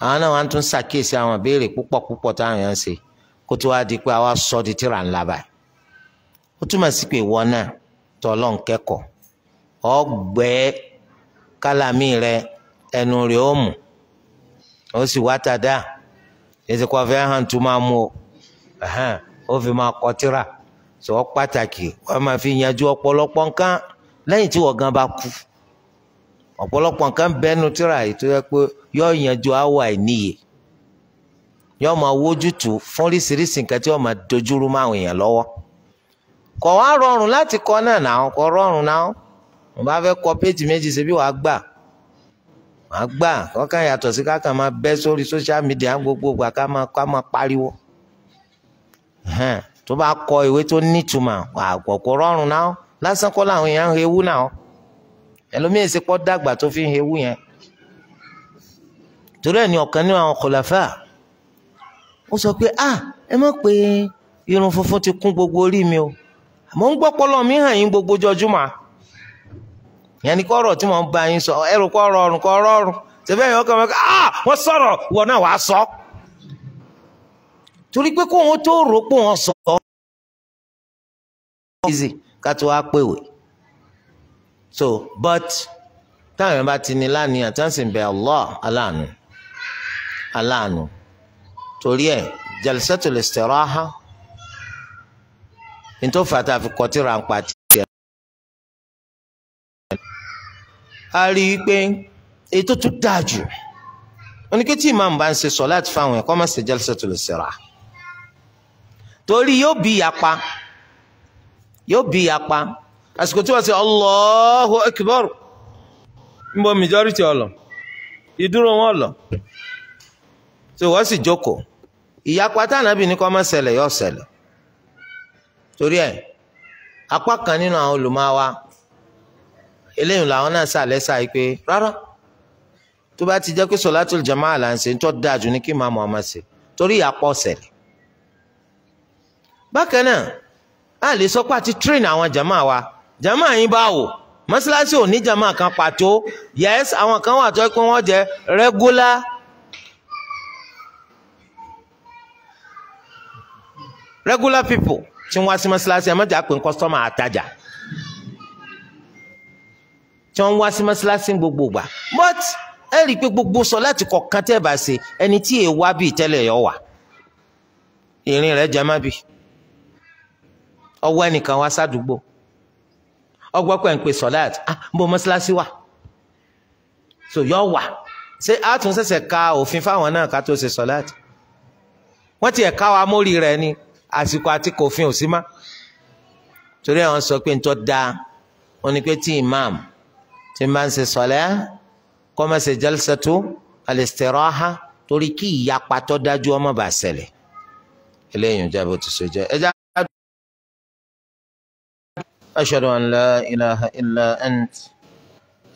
àwọn náà wá ń tún ṣàkíyèsí àwọn ìbéèrè púpọ̀ púpọ̀ táwọn yẹn ń ṣe kó tó wá di pé àwa sọ di tírà ńlá báyìí ó túmọ̀ sí pé ìwọ náà tọ́ lọ́n kẹ́kọ̀ọ́ ọgbẹ́ kálámì rẹ ẹnu rẹ ó mú ó si wata ezekwa fẹ́ tó máa o fi ma kọ tira sọ pàtàkì wọ́n ma fi yanjú ọpọlọpọ nǹkan lẹ́yìn tí wọ́n gan kú ọ̀pọ̀lọpọ̀ nǹkan bẹ́nu tírà yìí yọọ yanjú àwọ̀ niye yóò ma wójútùú fún ma meji sebi wa gba. màá gbà kọ́kàn yàtọ̀ sí kákan máa bẹ́ sórí social media gbogbo ìgbà ká máa ká máa pariwo tó bá kọ ìwé tó nítumọ̀ àgbọ̀kọ̀ rọrùn náà lásán kọ́ làwọn èèyàn ń hewú náà ẹlòmíì ṣe pọ́ dàgbà tó fi ń hewú yẹn torí ẹ̀ ní ọ̀kan nínú àwọn kọ̀láfà ó sọ pé ah ẹ mọ̀ pé irun funfun ti kún gbogbo orí mi o àmọ́ ń gbọ́ pọlọ mi hàn yín gbogbo jọjúmọ́ ìyẹn ni kọ́rọ̀ tí wọ́n bá yín sọ ẹrù kọ́rọ̀ ọrụ kọ́rọ̀ ọ̀rùn tẹ̀fẹ́ yẹn ọkọ̀ mẹ́kà á ah, wọ́n sọ̀rọ̀ wọ́n náà wàá sọ. torí pé kóun tó rò pé wọ́n sọ ọ́ ká tó wá pèwé so but táwọn bá ti ní lánìí àtàǹsì Allah aláàánú aláàánú torí ẹ fàtà fi a rí i pé ètò tó dáa jù oníkẹ́ tí ìmáàmù bá ń ṣe sọ láti fáwọn ẹ̀kọ́ máa ṣe torí yóò bí yapa yóò bí yapa àsìkò tí wọ́n ṣe Allahu Akbar ń bọ majority ọ̀lọ́ ìdúró wọn lọ tí wọ́n sì jókòó ìyapa tánàbì ní kọ́ ṣẹlẹ̀ yóò ṣẹlẹ̀ torí ẹ̀ apá kan eléyìí làwọn náà sàlẹ̀ sàì pé rárá tó bá ti jẹ́ pé sọ̀látùl jamaa là ń ṣe tó dáa jù ní kí màmú ọmọ ṣe torí ìyàpọ̀ ṣẹlẹ̀ bákan náà a lè sọ pé àti train àwọn jamaa wa jamaa yín bá wò mọ́ṣáláṣí ò ní jamaa kan pàtó yes àwọn kan wà tó pé wọ́n jẹ́ regular regular people tí wọ́n wá sí mọ́ṣáláṣí ẹ̀ mọ́jà pé ń kọ́sítọ́mà àtajà tí wọ́n ń wá sí mọ́ṣáláṣí gbogbo gbà but ẹ rí i pé gbogbo sọ láti kọ̀ọ̀kan tẹ́ bá ṣe ẹni tí èè wá bíi tẹ́lẹ̀ yọ wà ìrìn rẹ̀ jẹ́ má bì ọwọ́ ẹnìkan wá sádùúgbò ọgbọ́ pẹ̀ ń pè sọ́láàt ah bó mọ́ṣáláṣí wà so yọ wà ṣé a tún ṣẹ̀ṣẹ̀ ka òfin fáwọn náà ká tó ṣe sọ́láàt wọ́n ti ẹ̀ka wa mórí rẹ̀ ni àsìkò àti kòfin ò sí má torí àwọn sọ pé ń tọ́ da wọn ni pé tí imam tí n bá ń ṣe sọlẹ kó má ṣe jalsatu al-istiraha torí kí ìyapa tó dájú ọmọ bá ṣẹlẹ̀ eléyìí ń jábọ tó so jẹ ẹjá. أشهد أن لا إله إلا أنت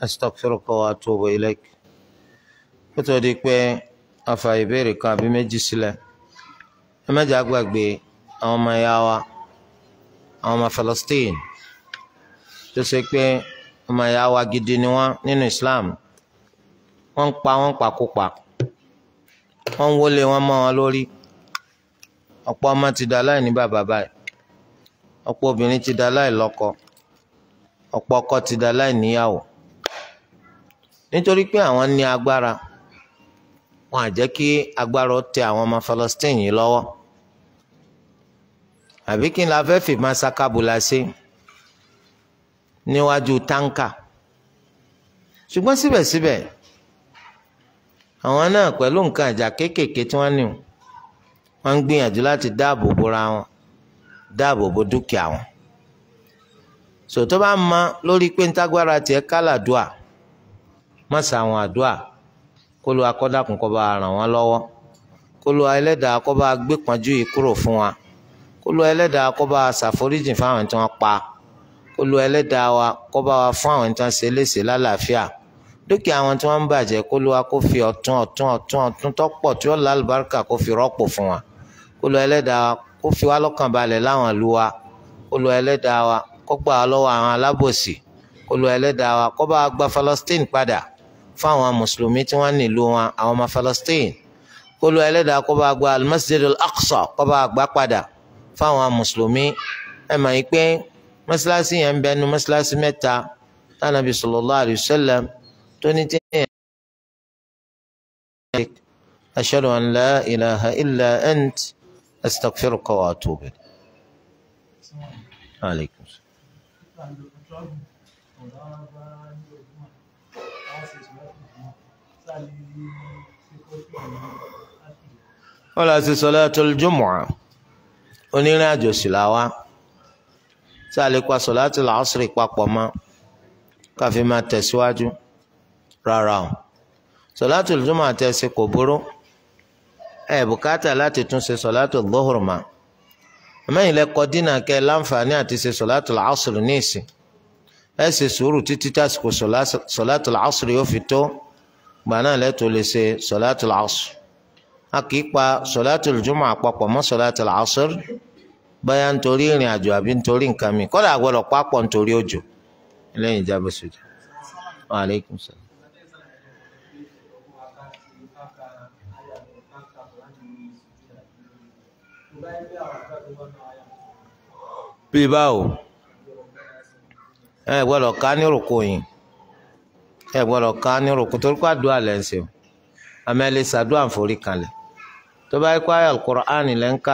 أستغفرك وأتوب إليك kótó di pé afa ìbéèrè kan àbí méjì sílẹ̀ ẹ mẹ́jọ àgbàgbé àwọn ọmọ ẹ̀yà wa àwọn ọmọ Palestine tó ṣe pé ọmọ ìyá wa gidi ni wọ́n nínú Islam wọ́n ń pa wọ́n pàkópa wọ́n ń wọlé wọn mọ́ wọn lórí ọ̀pọ̀ ọmọ ti dà láì ní bàbá báyìí ọ̀pọ̀ obìnrin ti dà láì lọ́kọ ọ̀pọ̀ ọkọ ti dà láì níyàwó nítorí pé àwọn ní agbára wọn à jẹ́ kí agbára tẹ àwọn ọmọ Palestine yìí lọ́wọ́ àbí kí n la fẹ́ fi máa ṣakabùlà sí i níwájú táǹkà ṣùgbọ́n síbẹ̀síbẹ̀ àwọn náà pẹ̀lú nǹkan àjà kéékèèké tí wọ́n ní wọ́n ń gbìyànjú láti dáàbò bora wọn dáàbò bo dúkìá wọn sòtó bá mọ lórí pé ntágbára tiẹ̀ kálà dùà mọ̀sá àwọn àdùà kó lu akọ́dàkùn kó bá ràn wọ́n lọ́wọ́ kó lu ẹlẹ́dàá kó bá gbé pọ́njú yìí kúrò fún wa kó lu ẹlẹ́dàá kó bá ṣàforíjì fáwọn tí wọ́n pa á olú ẹlẹ́dàá wa kó bá wa fún àwọn ìtàn ṣe léṣe lálàáfíà dúkìá àwọn tí wọ́n ń bàjẹ́ kó ló wa kó fi ọ̀tún ọ̀tún ọ̀tún ọ̀tún tó pọ̀ tí ó lálùbáríkà kó fi rọ́pò fún wa olú ẹlẹ́dàá wa kó fi wá lọ́kàn balẹ̀ láwọn ìlú wa olú ẹlẹ́dàá wa kó gbà wá lọ́wọ́ àwọn alábòsí olú ẹlẹ́dàá wa kó bá wa gba Palestine padà fún àwọn mùsùlùmí tí wọ́n nílùú wọn àwọn ọmọ Palestine olú ẹlẹ́dàá kó bá wa gba al Al-Aqsa kó bá wa gbà padà fún àwọn mùsùlùmí ẹ̀ mọ̀ yìí pé mọ́ṣáláṣí yẹn ń bẹnu mọ́ṣáláṣí mẹ́ta tánàbí sallallahu alayhi wa sallam tó ní tí yẹn. ashhadu an la ilaha illa ant astaghfiruka wa atubu ilayk. wọ́n lọ sí sọ́lá tó lójúmọ́ onírìn àjò sí làwa tí a lè pa sọ̀láàtì làásìrì papọ̀ mọ́ káfí máa tẹ̀síwájú rárá o sọ̀láàtì lùjúmọ̀ àtẹ̀sí kò burú ẹ̀ bùkátà láti tún ṣe sọ̀láàtì lọ́hùrù mọ́ àmẹ́yìn lẹ́kọ́ dínà kẹ́ láǹfààní àti ṣe sọ̀láàtì làásìrì ní ìsìn ẹ ṣe sùúrù títí tásìkò sọ̀láàtì làásìrì yóò fi tó gbà náà lẹ́tọ̀ọ́ lè ṣe sọ̀láàtì làásìrì a kì í pa sọ̀láàtì lùjúmọ̀ àpapọ̀ mọ́ sọ̀láàtì làásìrì báyà nítorí ìrìn àjò àbí nítorí nǹkan mi kọ́dà àgbọ̀dọ̀ pápọ̀ nítorí òjò lẹ́yìn ìjábọ̀ sójà aleykum salaam. bí báwo ẹ gbọ́dọ̀ ká nírùkù yìí ẹ gbọ́dọ̀ ká torí kó àdúrà lẹ́ ń ṣe o àmẹ́lẹ́sàdúrà ń forí kalẹ̀ tó bá yẹ kó àyà Al-Qur'ani lẹ́ ń kà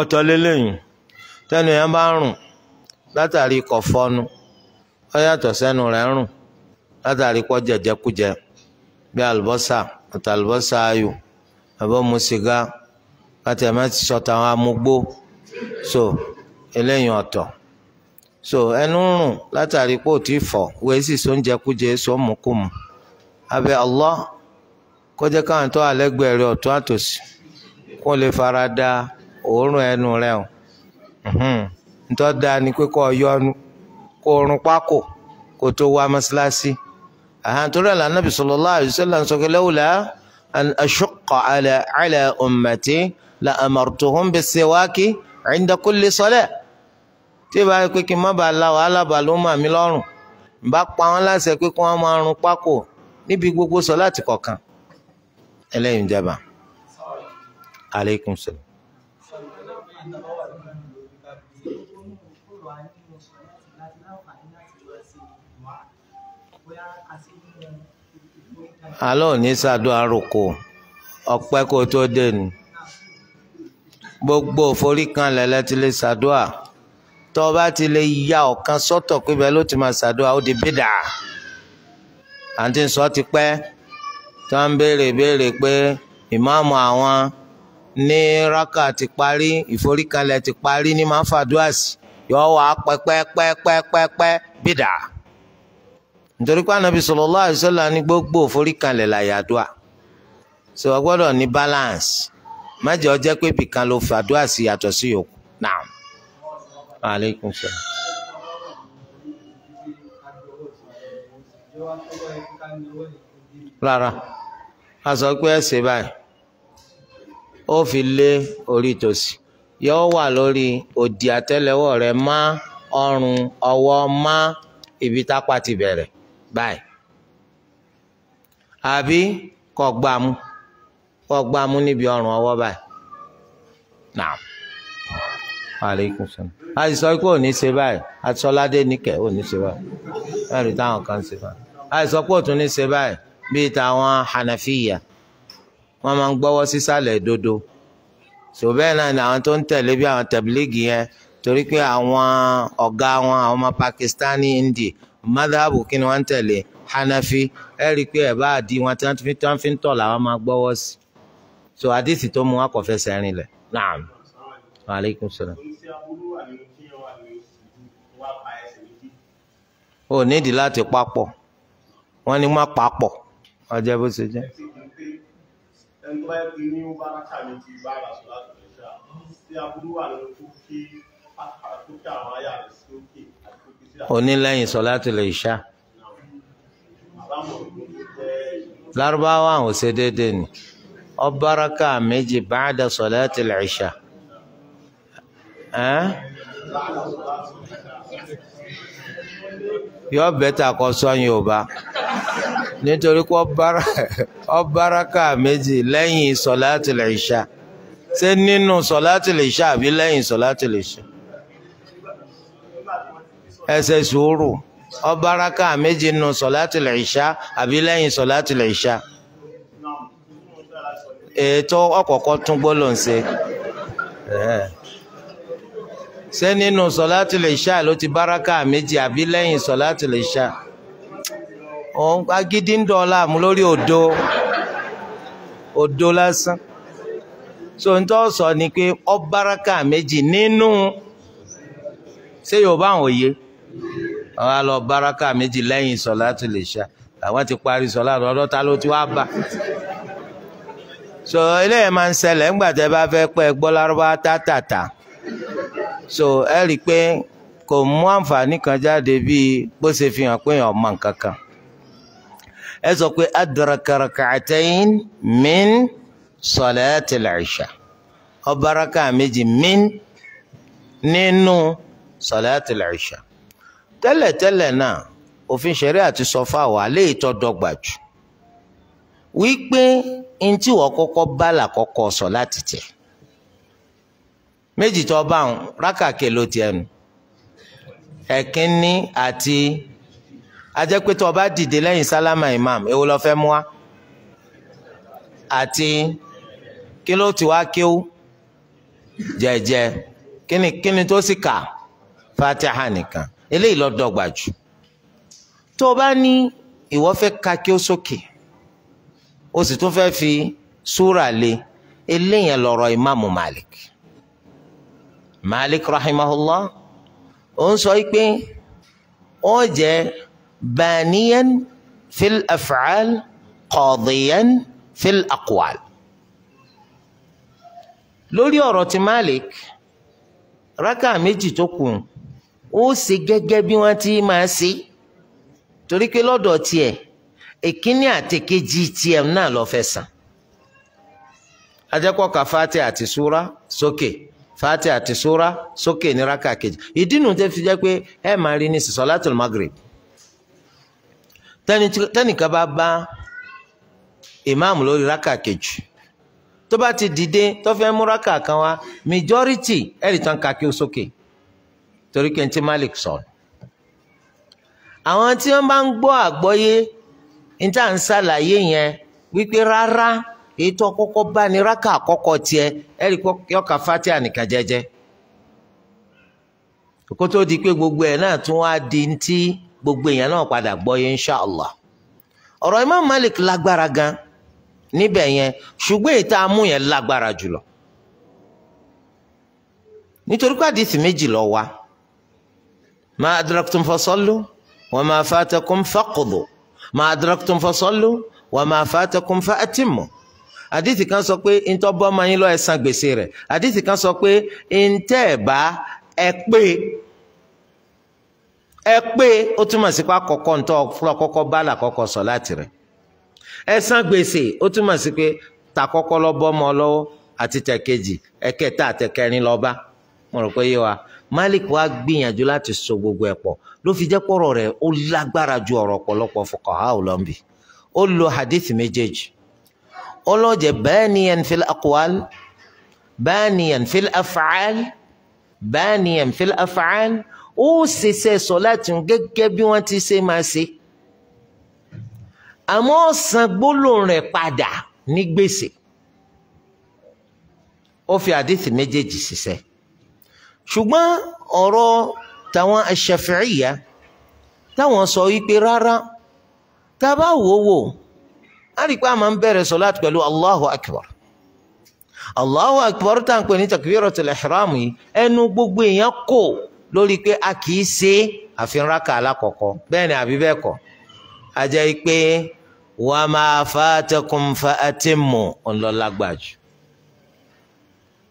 ọ̀tọ̀ tẹnu yẹn bá rùn látàrí kọ̀fọ́nu ó yàtọ̀ sẹ́nu rẹ̀ ń rùn látàrí kọ́ jẹ̀jẹ̀kújẹ bí àlùbọ́sà àti àlùbọ́sà ayò mu sìgá láti ti àwọn so eléyìn ọ̀tọ̀ so ẹnu rùn látàrí tí wẹ́ẹ́ sì so ń jẹkújẹ so ń kó káwọn tó òórùn ẹnu rẹ o mm-hmm. ntọ́ da ni pé kó o yọnu kó o pákó kó tó wá mọ́ṣáláṣí àhàntúrẹ́ là nàbì sallallahu alaihi ala ala ummati la amartuhum bis-siwaki inda kulli salat tí ìbá pé kí n má bàa la wàhálà ló mí lọ́rùn gbogbo sọ láti alọ́ ní sàdó àròkò ọ̀pẹ́ kó tó dé ni gbogbo òforíkanlẹ̀ lẹ́tí lè sàdó à tó o ti lè ya ọ̀kan sọ́tọ̀ pé ló ti máa sàdó ó di bídà àǹtí sọ ti pẹ́ tó ń béèrè béèrè pé ìmáàmù àwọn ní rákà ti parí ìforíkanlẹ̀ ti parí ní máa fàdúrà sí yọ wà pẹ́pẹ́pẹ́pẹ́pẹ́ bídà nítorí pé anabi sallallahu alaihi wasallam ní gbogbo òforíkalẹ̀ làyàdúà ṣe wọ́n gbọ́dọ̀ ní balance má jẹ́ ó jẹ́ pé bìkan ló fàdúà sí yàtọ̀ sí yòókù náà. aleykum salaam. rárá a sọ pé ẹ ṣe báyìí ó fi lé orí tòsí yóò wà lórí òdì àtẹ́lẹwọ́ rẹ̀ má ọrùn ọwọ́ má ibi tápá ti bẹ̀rẹ̀ báyìí àbí kọ́ gbámú kọ́ gbámú níbi ọrùn ọwọ́ báyìí náà aleykum salam a sì sọ pé òní ṣe báyìí atọ́ládé níkẹ́ òní ṣe báyìí báyìí táwọn kan ṣe báyìí a sì sọ pé òtún ní ṣe báyìí bíi táwọn hanafiya wọ́n máa ń gbọ́wọ́ sísàlẹ̀ dodo sọ bẹ́ẹ̀ náà ni àwọn tó ń tẹ̀lé bí àwọn tẹ̀blígì yẹn torí pé àwọn ọ̀gá wọn àwọn ọmọ pakistani indi madhabu kí ni wọ́n ń tẹ̀lé hanafi ẹ rí i pé ẹ bá di wọn tí wọ́n fi ń tọ̀ làwọn máa gbọ́wọ́ sí so àdìsí tó mú wọn kò fẹsẹ̀ rìn lẹ̀ naam aleykum salaam. o nídìí láti papọ̀ wọ́n ní má papọ̀ ọjọ́ bó ṣe jẹ́. Tí a burú wà lóko kí a kó kí àwọn ayà rẹ̀ sí òkè onílẹ̀yìn sọ̀látul ìṣá lárúbáwá àwọn ṣe déédéé ni ọbaraka méjì báàdà sọ̀látul ìṣá yọ bẹ́tà kọ́ sọ́yìn ọba nítorí pé ọbaraka méjì lẹ́yìn sọ̀látul ìṣá ṣé nínú sọ̀látul ìṣá àbí lẹ́yìn sọ̀látul ìṣá ẹ ṣe sùúrù ọba araka méjì nù sọláàtì lẹ́ṣà àbí lẹ́yìn sọláàtì lẹ́ṣà ètò ọ̀kọ̀ọ̀kọ̀ tún gbọ́dọ̀ ń ṣe ṣé nínú sọláàtì lẹ́ṣà ló ti báraka méjì àbí lẹ́yìn sọláàtì lẹ́ṣà òun agídí ń dọ̀ọ́lá mú lórí òdo òdo lásán so n tó sọ ni pé ọba araka nínú ṣé yorùbá àwọn òye. àwọn lọ báraka méjì lẹ́yìn sọ̀látù lè ṣá àwọn ti parí sọ̀látù ọ̀dọ̀ ta ló ti wá bà. so eléyìí máa ń ṣẹlẹ̀ ńgbà tẹ́ bá fẹ́ pẹ́ gbọ́ lárúbá tátàtà so ẹ rí i pé kò mú àǹfààní kan jáde bíi bó ṣe fi hàn pé èèyàn mọ̀ nǹkan kan ẹ sọ pé adraka rak'atayn min sọ̀látù lè ṣá ọbaraka méjì nínú tẹ́lẹ̀tẹ́lẹ̀ náà òfin ṣẹ̀rí àti sọ fáwọn àlẹ́ ìtọ́ dọ́gba jù wípé n tí wọ́n kọ́kọ́ bá làkọ́kọ́ sọ láti tẹ̀ méjì tó bá ń rákàkè ló ti ẹnu ẹ̀kínní àti ajẹ́pẹ́ tó dìde lẹ́yìn sálámà imam èwo ló fẹ́ mú wa àti kí ló ti wá kíw jẹ́jẹ́ kíni kíni tó sì kà fatiha nìkan eléyìí ló dọ́gba jù tó o bá ní ìwọ fẹ́ ka kí ó sókè o sì tún fẹ́ fi súrà lé eléyìí lọ́rọ̀ ìmáàmù Malik Malik rahimahullah ó ń sọ pé ó jẹ́ baniyan fil af'al qadiyan fil aqwal lórí ọ̀rọ̀ ti Malik rákà méjì tó kù ó ṣe gẹ́gẹ́ bí wọ́n ti máa ṣe torí pé lọ́dọ̀ tiẹ̀ èkíní àtẹ̀kejì tiẹ̀ náà lọ fẹ́ sàn ajẹ́kọ̀ọ́ ka fati àti súra sókè fati àti súra sókè ní raka kejì ìdí nu tẹ́ fi jẹ́ pé ẹ máa rí ní solatul magrib tẹ́nìkan bá bá ìmáàmù lórí raka kejì tó bá ti dìde tó fẹ́ mú raka kan wá majority ẹ̀rì tán ka kí ó sókè. So torí pé ntí Malik sọ àwọn tí wọ́n bá ń gbọ́ àgbọ́yé níta ń ṣàlàyé yẹn wípé rárá èyí tó kọ́kọ́ bá ní rákà àkọ́kọ́ tiẹ̀ ẹ̀rí yọkà fatia nìkan jẹ́jẹ́ kó tó di pé gbogbo ẹ̀ náà tún wá di ntí gbogbo èèyàn náà padà gbọ́yé inshàlá ọ̀rọ̀ Imam Malik lágbára gan níbẹ̀ yẹn ṣùgbọ́n èyí tá a mú yẹn lágbára jùlọ nítorí pé àdìsí méjì lọ wà. ما أدركتم fasallu وما فاتكم fatakum ما أدركتم adraktum وما فاتكم ma fatakum fa'atimu àdìsí kan sọ pé ntọ́ bọ́ ọmọ yín lọ ẹ san gbèsè rẹ̀ àdìsí kan sọ pé ntẹ́ ẹ̀ bá ẹ pé ẹ pé ó túmọ̀ sí pa kọ̀kọ́ ntọ́ fúlọ̀ kọ́kọ́ bálà kọ́kọ́ sọ láti rẹ̀ ẹ gbèsè ó túmọ̀ sí pé ta kọ́kọ́ lọ bọ́ ọmọ lọ́wọ́ àti tẹ̀kejì ẹ̀kẹta àtẹ̀kẹrin lọ́ba mo rò pé yé wa malik wá gbìyànjú láti so gbogbo ẹ̀ pọ̀ ló fi jẹ́ pọ̀rọ̀ rẹ̀ ó lágbára ju ọ̀rọ̀ ọ̀pọ̀lọpọ̀ fuqaha ọlọ́mbì ó lo hadith méjèèjì ó lọ jẹ́ baniyan fil aqwal baniyan fil af'al baniyan fil af'al ó ṣiṣẹ́ sọ̀láàtì gẹ́gẹ́ bí wọ́n ti ṣe máa ṣe àmọ́ san gbólóhùn rẹ̀ padà ní gbèsè ó fi hadith méjèèjì ṣiṣẹ́ ṣùgbọ́n ọ̀rọ̀ tàwọn aṣàfihìyà táwọn sọ wípé rárá tá a bá wò ó wò á rí i pé a máa ń bẹ̀rẹ̀ sọ̀láàtì pẹ̀lú Allahu Akbar Allahu Akbar tá à ń pè ní takbiratul ihram yìí ẹnu gbogbo èèyàn kò lórí pé a kì í ṣe àfihànraka alákọ̀ọ́kọ́ bẹ́ẹ̀ ni àbí bẹ́ẹ̀ kọ́ a jẹ́ pé wa ma fatakum fa atimmu ńlọ́lágbàjù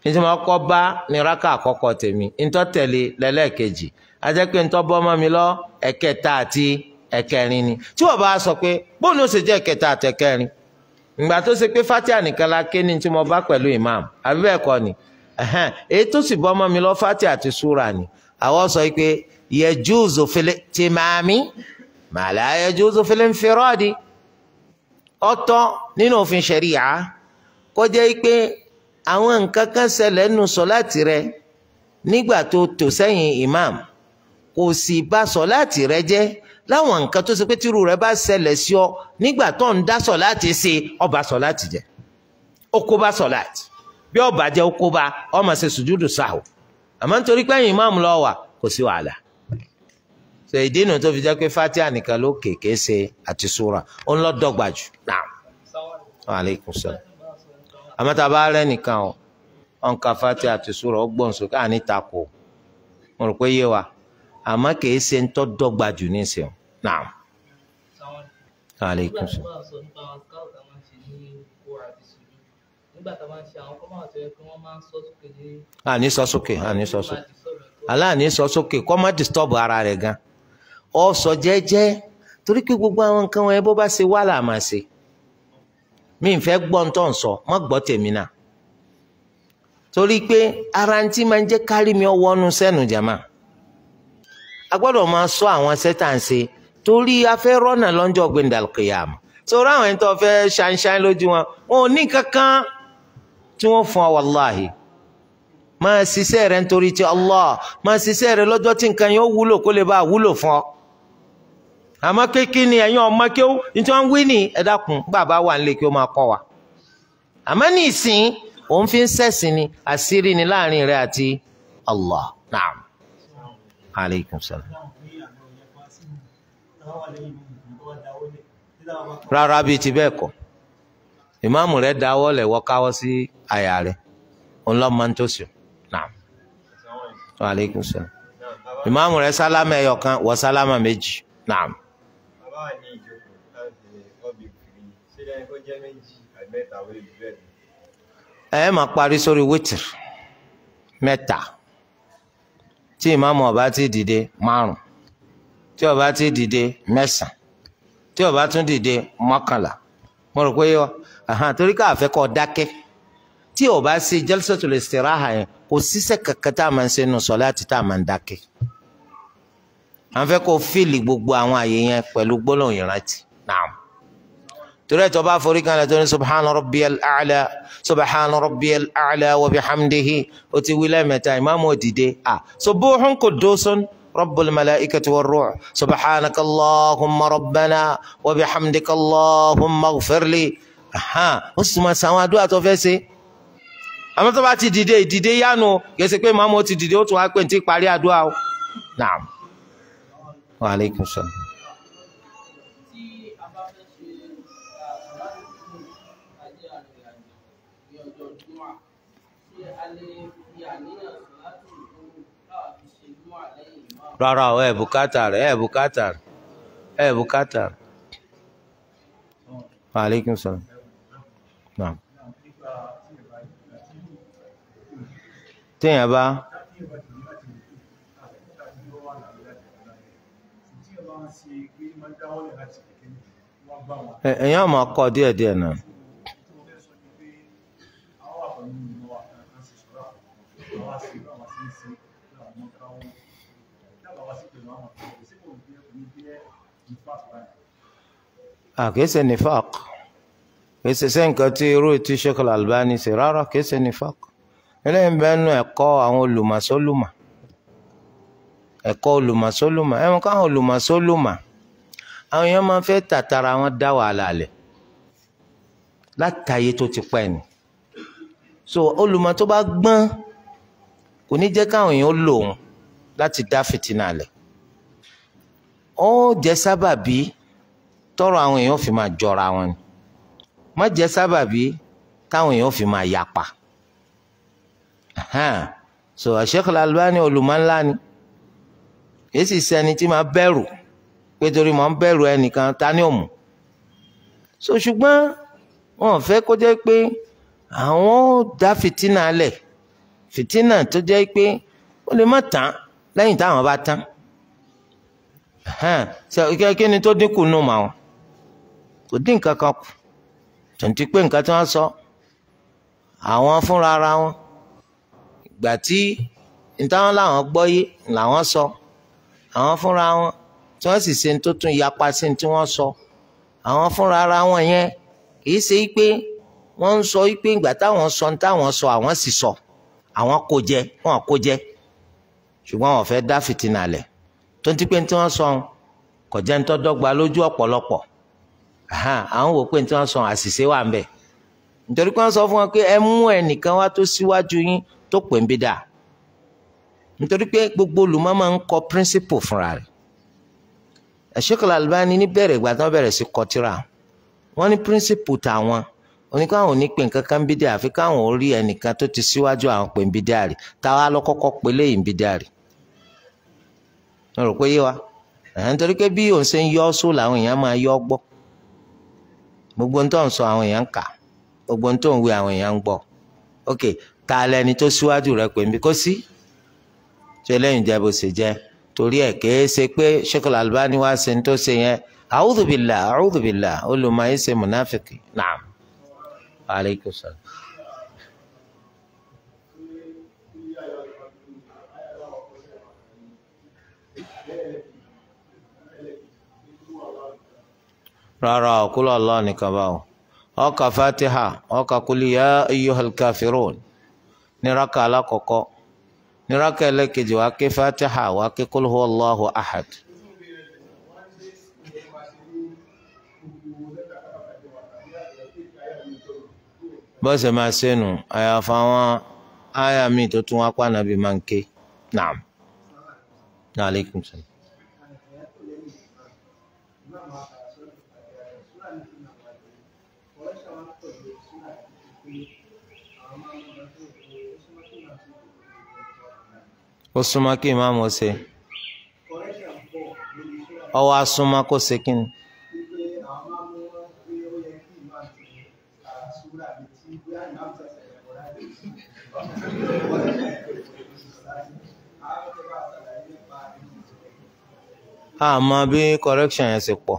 nítorí wọn kọ́ bá ní rákà àkọ́kọ́ tèmi ntọ́ tẹ̀lé lẹ́lẹ́kejì ajẹ́ pé ntọ́ bọ́ mọ́ mi lọ ẹ̀kẹta àti ẹ̀kẹrin ni tí wọ́n bá sọ pé bóun ó ṣe jẹ́ ẹ̀kẹta àtẹ̀kẹrin ìgbà tó ṣe pé fatia nìkan la ké ní tí mo bá pẹ̀lú imam àbí bẹ́ẹ̀ kọ́ ni èyí tó sì bọ́ mọ́ mi lọ fatia àti súra ni àwọn sọ pé yajuzu fil timami ma la yajuzu fil infiradi ọ̀tọ̀ nínú òfin ṣẹ̀ríyà kó pé àwọn nǹkan kan ṣẹlẹ̀ nù sọ́láàtì rẹ nígbà tó tò sẹ́yìn imam kò sì bà sọ́láàtì rẹ jẹ́ láwọn nǹkan tó ṣe pé tírú rẹ bá ṣẹlẹ̀ sí ọ nígbà tó ń dá sọ́láàtì ṣe ó bà sọ́láàtì jẹ́ ó kó bá sọ́láàtì bí ó bàjẹ́ ó bá ó ṣe sùjúdù sáhù àmọ́ nítorí pé ẹ̀yìn imam ló wà kò sí wàhálà so ìdí inú tó fi jẹ́ pé fatia nìkan ló kéèké ṣe àti sura ó ń lọ dọ́gba jù náà. Wa alaikum salaam. Amata bá rẹ́ nìkan ọ̀ ọ̀nkà fati àti sùrọ̀ ọgbọ̀n sókè àní takò mo rò pé yé wa àmọ́ kìí ṣe ń tọ́ dọ́gba jù ní ìsìn náà. aleykum salaam. àní sọ sókè àní sọ sókè aláàní sọ sókè kọ́ má disturb ara rẹ̀ gan ọ sọ jẹ́jẹ́ torí pé gbogbo àwọn nǹkan wọn ẹ bó bá ṣe wà láà ṣe. mi n gbọ́ ń tọ̀ mọ́ gbọ́ tèmi náà torí pé ara ń máa ń jẹ́ kárí mi ọwọ́ nu sẹ́nu jàmá a gbọ́dọ̀ máa sọ àwọn sẹ́tàǹsì torí afẹ́ rọ́nà lọ́njọ́ gbẹ̀ndàlùkìyàm sọ̀rọ̀ àwọn ẹni tó fẹ́ ṣàǹṣàǹ lójú wọn wọn ò ní kankan tí wọ́n fún ọ ti Allah máa ṣiṣẹ́ rẹ lọ́jọ́ tí nǹkan wúlò kó bá wúlò fún àmọ́ kékeré ni ẹ̀yin ọmọ kí ó ní tí wọ́n ń wí ní ẹ̀dákun bàbá wà nílé kí ó máa kọ́ wa àmọ́ ní ìsìn òun fi ń sẹ̀sìn ni àṣírí ni láàrin rẹ̀ àti Allah naam aleykum salaam. rárá bíi ti bẹ́ẹ̀ kọ́ ìmáàmù rẹ̀ dáwọ́ lẹ̀ wọ́ sí àyà rẹ̀ òun lọ́ọ́ máa ń tó sùn naam aleykum ìmáàmù rẹ̀ sálámà ẹ̀yọ̀ wọ́ sálámà méjì naam. jẹ́ méjì àbí mẹ́ta wẹ́ẹ́ bí bẹ́ẹ̀ ni. ẹ máa parí sórí wítìrì mẹ́ta tí ìmáàmù ọba ti dìde márùn tí ọba ti dìde mẹ́sàn tí ọba tún dìde mọ́kànlá mo rò pé ahàn torí ká àfẹ́ kọ́ dákẹ́ tí ọba ṣe jalsatul istiraha yẹn kò síṣẹ́ kankan tá a máa ń ṣe nù sọ́lá àti tá a máa ń dákẹ́ à ń fẹ́ kó fíìlì gbogbo àwọn àyè yẹn pẹ̀lú gbólóhùn ìrántí náà torí ẹ̀ tó bá forí kanlẹ̀ tó ní subhana rabbiyal a'la subhana rabbiyal a'la wa bihamdihi o ti wí lẹ́ẹ̀mẹ́ta ìmáàmù òdìdé à subuhun quddusun رب الملائكة والروح سبحانك اللهم ربنا وبحمدك اللهم اغفر لي ها اسمع سوا دعاء tó fẹ́ ṣe àmọ́ tó bá ti dìde ìdìde yánu kìí ṣe pé màmú ó ti dìde ó tún wá pé ní ti parí àdúrà o naam wa aleykum salaam. rárá o ẹ bùkátà rẹ ẹ bùkátà rẹ ẹ bùkátà rẹ. aleykum salaam. naam. téèyàn bá. ẹ̀yàn máa kọ́ díẹ̀díẹ̀ náà. àkèsè ah, nifaq kèsè sẹ́ǹkan tí irú ètò Sheikh Al-Albani ṣe rárá kèsè nifaq eléyìí ń bẹ́ẹ̀ nú ẹ̀kọ́ àwọn olùmọ̀sólùmọ̀ ẹ̀kọ́ olùmọ̀sólùmọ̀ ẹ̀wọ̀n káwọn olùmọ̀sólùmọ̀ àwọn èèyàn máa ń fẹ́ tàtàrà wọn dá wàhálà lẹ̀ látàyè tó ti pẹ́ ni so olùmọ̀ tó bá gbọ́n kò ní jẹ́ káwọn èèyàn lò wọn láti dá fìtínà lẹ̀ ó jẹ́ sábàbí tọrọ àwọn èèyàn fi máa jọra wọn ni má jẹ́ sábàbí táwọn èèyàn fi máa yapa so Sheikh Al-Albani olùmọ̀ńlá ni èsì sẹni tí máa bẹ̀rù pé torí máa ń bẹ̀rù ẹnìkan ta òmù so ṣùgbọ́n wọn fẹ́ kó jẹ́ pé àwọn ò dá fìtínà lẹ̀ fìtínà tó jẹ́ pé ó lè má tán lẹ́yìn táwọn bá tán kí ni tó dínkù nù mà wọn kò dín nǹkan kan kù tòǹtí pé nǹkan tí wọ́n sọ àwọn fúnra ara wọn ìgbà tí nítawọn làwọn gbọ́ yé làwọn sọ àwọn fúnra wọn tí wọ́n sì ṣe tó tún yapa sí tí wọ́n sọ àwọn fúnra ara wọn yẹn kìí ṣe pé wọ́n ń sọ pé ìgbà táwọn sọ ní táwọn sọ àwọn sì sọ àwọn kò jẹ wọn kò jẹ ṣùgbọ́n wọn fẹ́ dá fìtínà lẹ̀ tó ń ti pé tí wọ́n sọ kò jẹ́ ń tọ́ dọ́gba lójú ọ̀pọ̀lọpọ̀ àwọn wò pé ní tí wọ́n sọ àṣìṣe wà ń bẹ nítorí pé wọ́n sọ fún wọn pé ẹ mú ẹnìkan wá tó síwájú yín tó pè ń bí dà nítorí pé gbogbo olùmọ̀ máa ń kọ principle fúnra rẹ̀ Sheikh Al-Albani ní bẹ̀rẹ̀ ìgbà tí wọ́n bẹ̀rẹ̀ sí kọtíra wọ́n ní principle tàwọn oníkàwọn ò ní pè nǹkan kan bídà àfi káwọn ò rí ẹnìkan tó ti síwájú àwọn pè ń bídà rí táwa lọ pé léyìn bídà rí wọ́n rò pé yé wa nítorí pé bí òun ṣe ń yọ ọ́ sóòlù àwọn èèyàn máa yọ ọ́ gbọ́ gbogbo ń tó ń sọ àwọn èèyàn ń kà gbogbo ń tó ń wí àwọn èèyàn ń gbọ́ ok ta lẹni tó síwájú rẹ pé mi kò sí ṣe lẹ́yìn jẹ́ bó ṣe jẹ́ torí ẹ̀ kìí ṣe pé Sheikh albani wá ṣe ń tó ṣe yẹn a'udhu billah a'udhu billah olùmọ̀ ẹ̀ ṣe mùnáfìkì naam. rárá o kúlọ Allah nìkan bá o ó ka fatiha ó ka kúlí ya ayyuhal kafirun ní raka alákọ̀ọ́kọ́ ní raka ẹlẹ́kejì wàá ké fatiha wàá ké ahad. bọ́sẹ̀ máa sẹ́nu àyàfà àwọn àyà míì tó tún wá pa nàbí máa ń ké naam. salaam. ó súnmọ́ kí ìmáàmù ó ṣe ọwọ́ á súnmọ́ kó ṣe bí correction yẹn ṣe pọ̀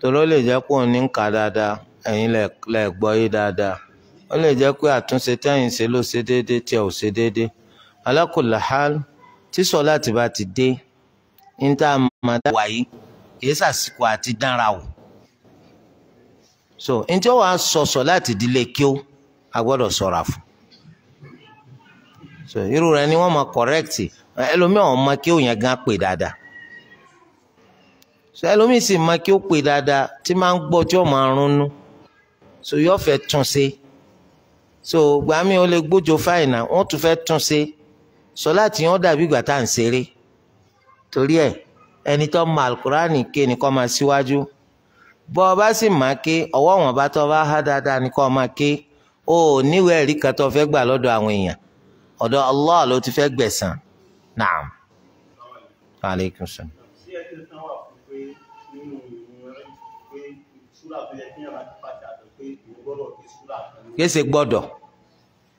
toro le lè jẹ́ pé òun ń kà dáadáa ẹ̀yin lẹ gbọ́ yé dáadáa ó lè jẹ́ pé àtúnṣe tẹ́yìn ṣe ló ṣe déédéé tí ẹ ò ṣe déédéé. ala hal tí sọlá ti bá ti dé níta máa dá wáyé kìí sàsìkò àti dánra o so njẹ́ wàá sọ̀sọ̀ láti dílé kí ó a gbọ́dọ̀ ṣọ́ra fún so irú rẹ̀ ni wọ́n máa correct ẹlòmíràn wọn máa kí ó yẹn gan pè dáadáa so ẹlòmíràn sì máa kí ó pè dáadáa tí máa ń gbọ́ tí ó máa ronú so yóò fẹ́ tún ṣe so gbàmí ó lè gbójo fáìnà wọ́n tún fẹ́ tún ṣe sọláàtì yẹn ó dàbí ìgbà tá à ń ṣeré torí ẹ ẹni tó mọ alukurani ké ni kó máa síwájú bọ́ ọ bá sì máa ké ọwọ́ wọn bá tọ́ bá há dáadáa ni kó máa ké o ò níwèé ẹ̀rí kan tó fẹ́ gbà lọ́dọ̀ àwọn èèyàn ọ̀dọ̀ Allah ló ti fẹ́ gbẹ̀san naam aleykum salaam. kìí ṣe gbọ́dọ̀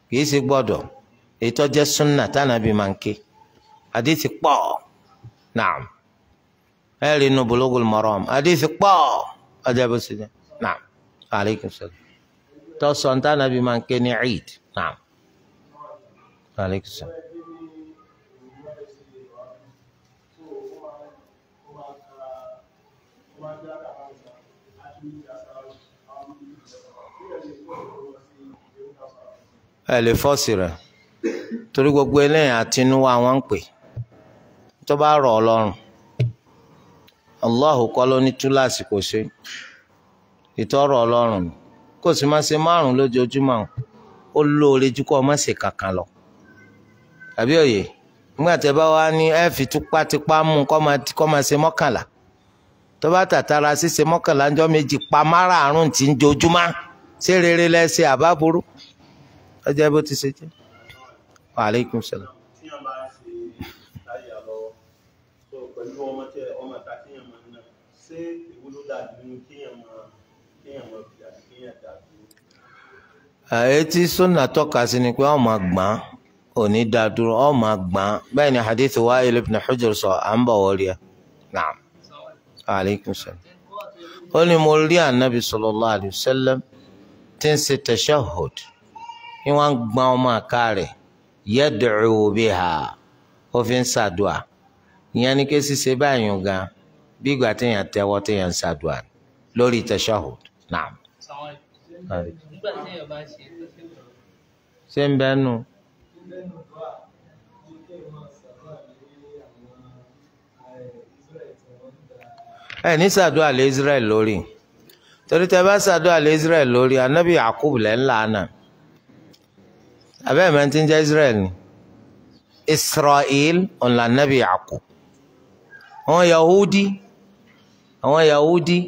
kìí ṣe gbọ́dọ̀. ايتو جي سنة تانا بي مانكي حديث اقبال نعم هل انو بلوغ المرام حديث اقبال اجاب السيدان نعم عليكم السلام تو سنة تانا بي مانكي نعيد نعم عليكم السلام Elle est forcée là. torí gbogbo eléyìí àtinúwá wọn ń pè tó bá rọ̀ ọ́ Allahu kọ́ ló ní túláàsì kò ṣe ìtọ́rọ̀ ọlọ́run kò sì máa ṣe márùn lójoojúmọ́ ó lóore jù kọ́ má ṣe kankan lọ àbí òye nígbà tẹ́ bá wá ní ẹ fi tipátipá mú kọ́ máa ṣe mọ́kànlá tó bá tàtàrà ṣíṣe mọ́kànlá ńjọ́ méjì pa márààrún tí ń jojúmọ́ ṣé rere lẹ́sẹ̀ àbá burú ọjọ́ bó ti ṣe jẹ́. aleykum salaam. pẹ̀lú tí sunna tọ́ka sí ni pé ọmọ gbọ́n òní dá dúró ọmọ gbọ́n bẹ́ẹ̀ ni hadith Wa'il ibn Hujr sọ à ń bọ̀ wọlé tí ń ṣe ni wọ́n ń gbọ́n ọmọ àká yad'u biha ó fi ń ṣàdùà ìyẹn ni kí ṣíṣe báyìí gan bí ìgbà téèyàn tẹ́wọ́ téèyàn ń ṣàdùà lórí tashahhud náà. ṣé ń bẹ́ẹ̀ nù. ẹ ní ṣàdùà lé Israel lórí torí tẹ bá ṣàdùà lé Israel lórí anabi Yakub lẹ́ náà abẹ́ẹ̀ mẹ́rin ti ń jẹ́ Israel ni Israel ọ̀nà nàbì Yaqub àwọn Yahudi àwọn Yahudi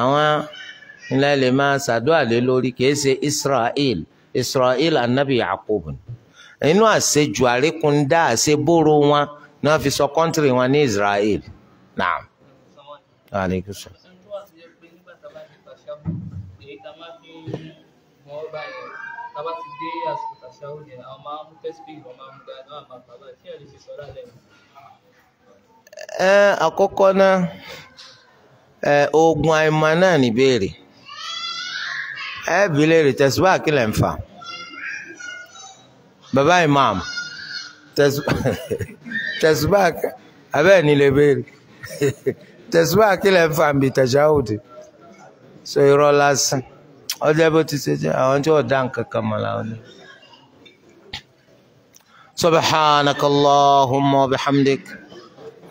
àwọn ilẹ̀ lè máa ṣàdúrà lé lórí kìí ṣe Israel Israel anabi Yaqub ni inú àṣejù àríkúndá àṣebóró wọn ni wọ́n fi sọ kọ́ńtìrì wọn ní Israel naam. Aleykum salaam. dé àsìkò tàṣàwò yẹn àwọn máa ń mú tẹ́síbì wọn máa ń ga náà máa bàbá tí a lè ṣe sọ́ra lẹ́nu. ẹ àkọ́kọ́ náà ẹ oògùn àìmọ̀ náà níbèrè ẹ bí léèrè tẹ̀síwá àkìlẹ̀ ń fà bàbá imam tẹ̀síwá *laughs* abẹ́ẹ̀ ni lè béèrè *laughs* tẹ̀síwá àkìlẹ̀ ń fà ń bi so irọ́ lásán. سبحانك اللهم وبحمدك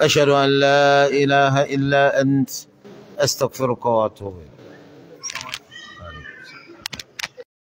أشهد أن لا إله إلا أنت أستغفرك وأتوب إليك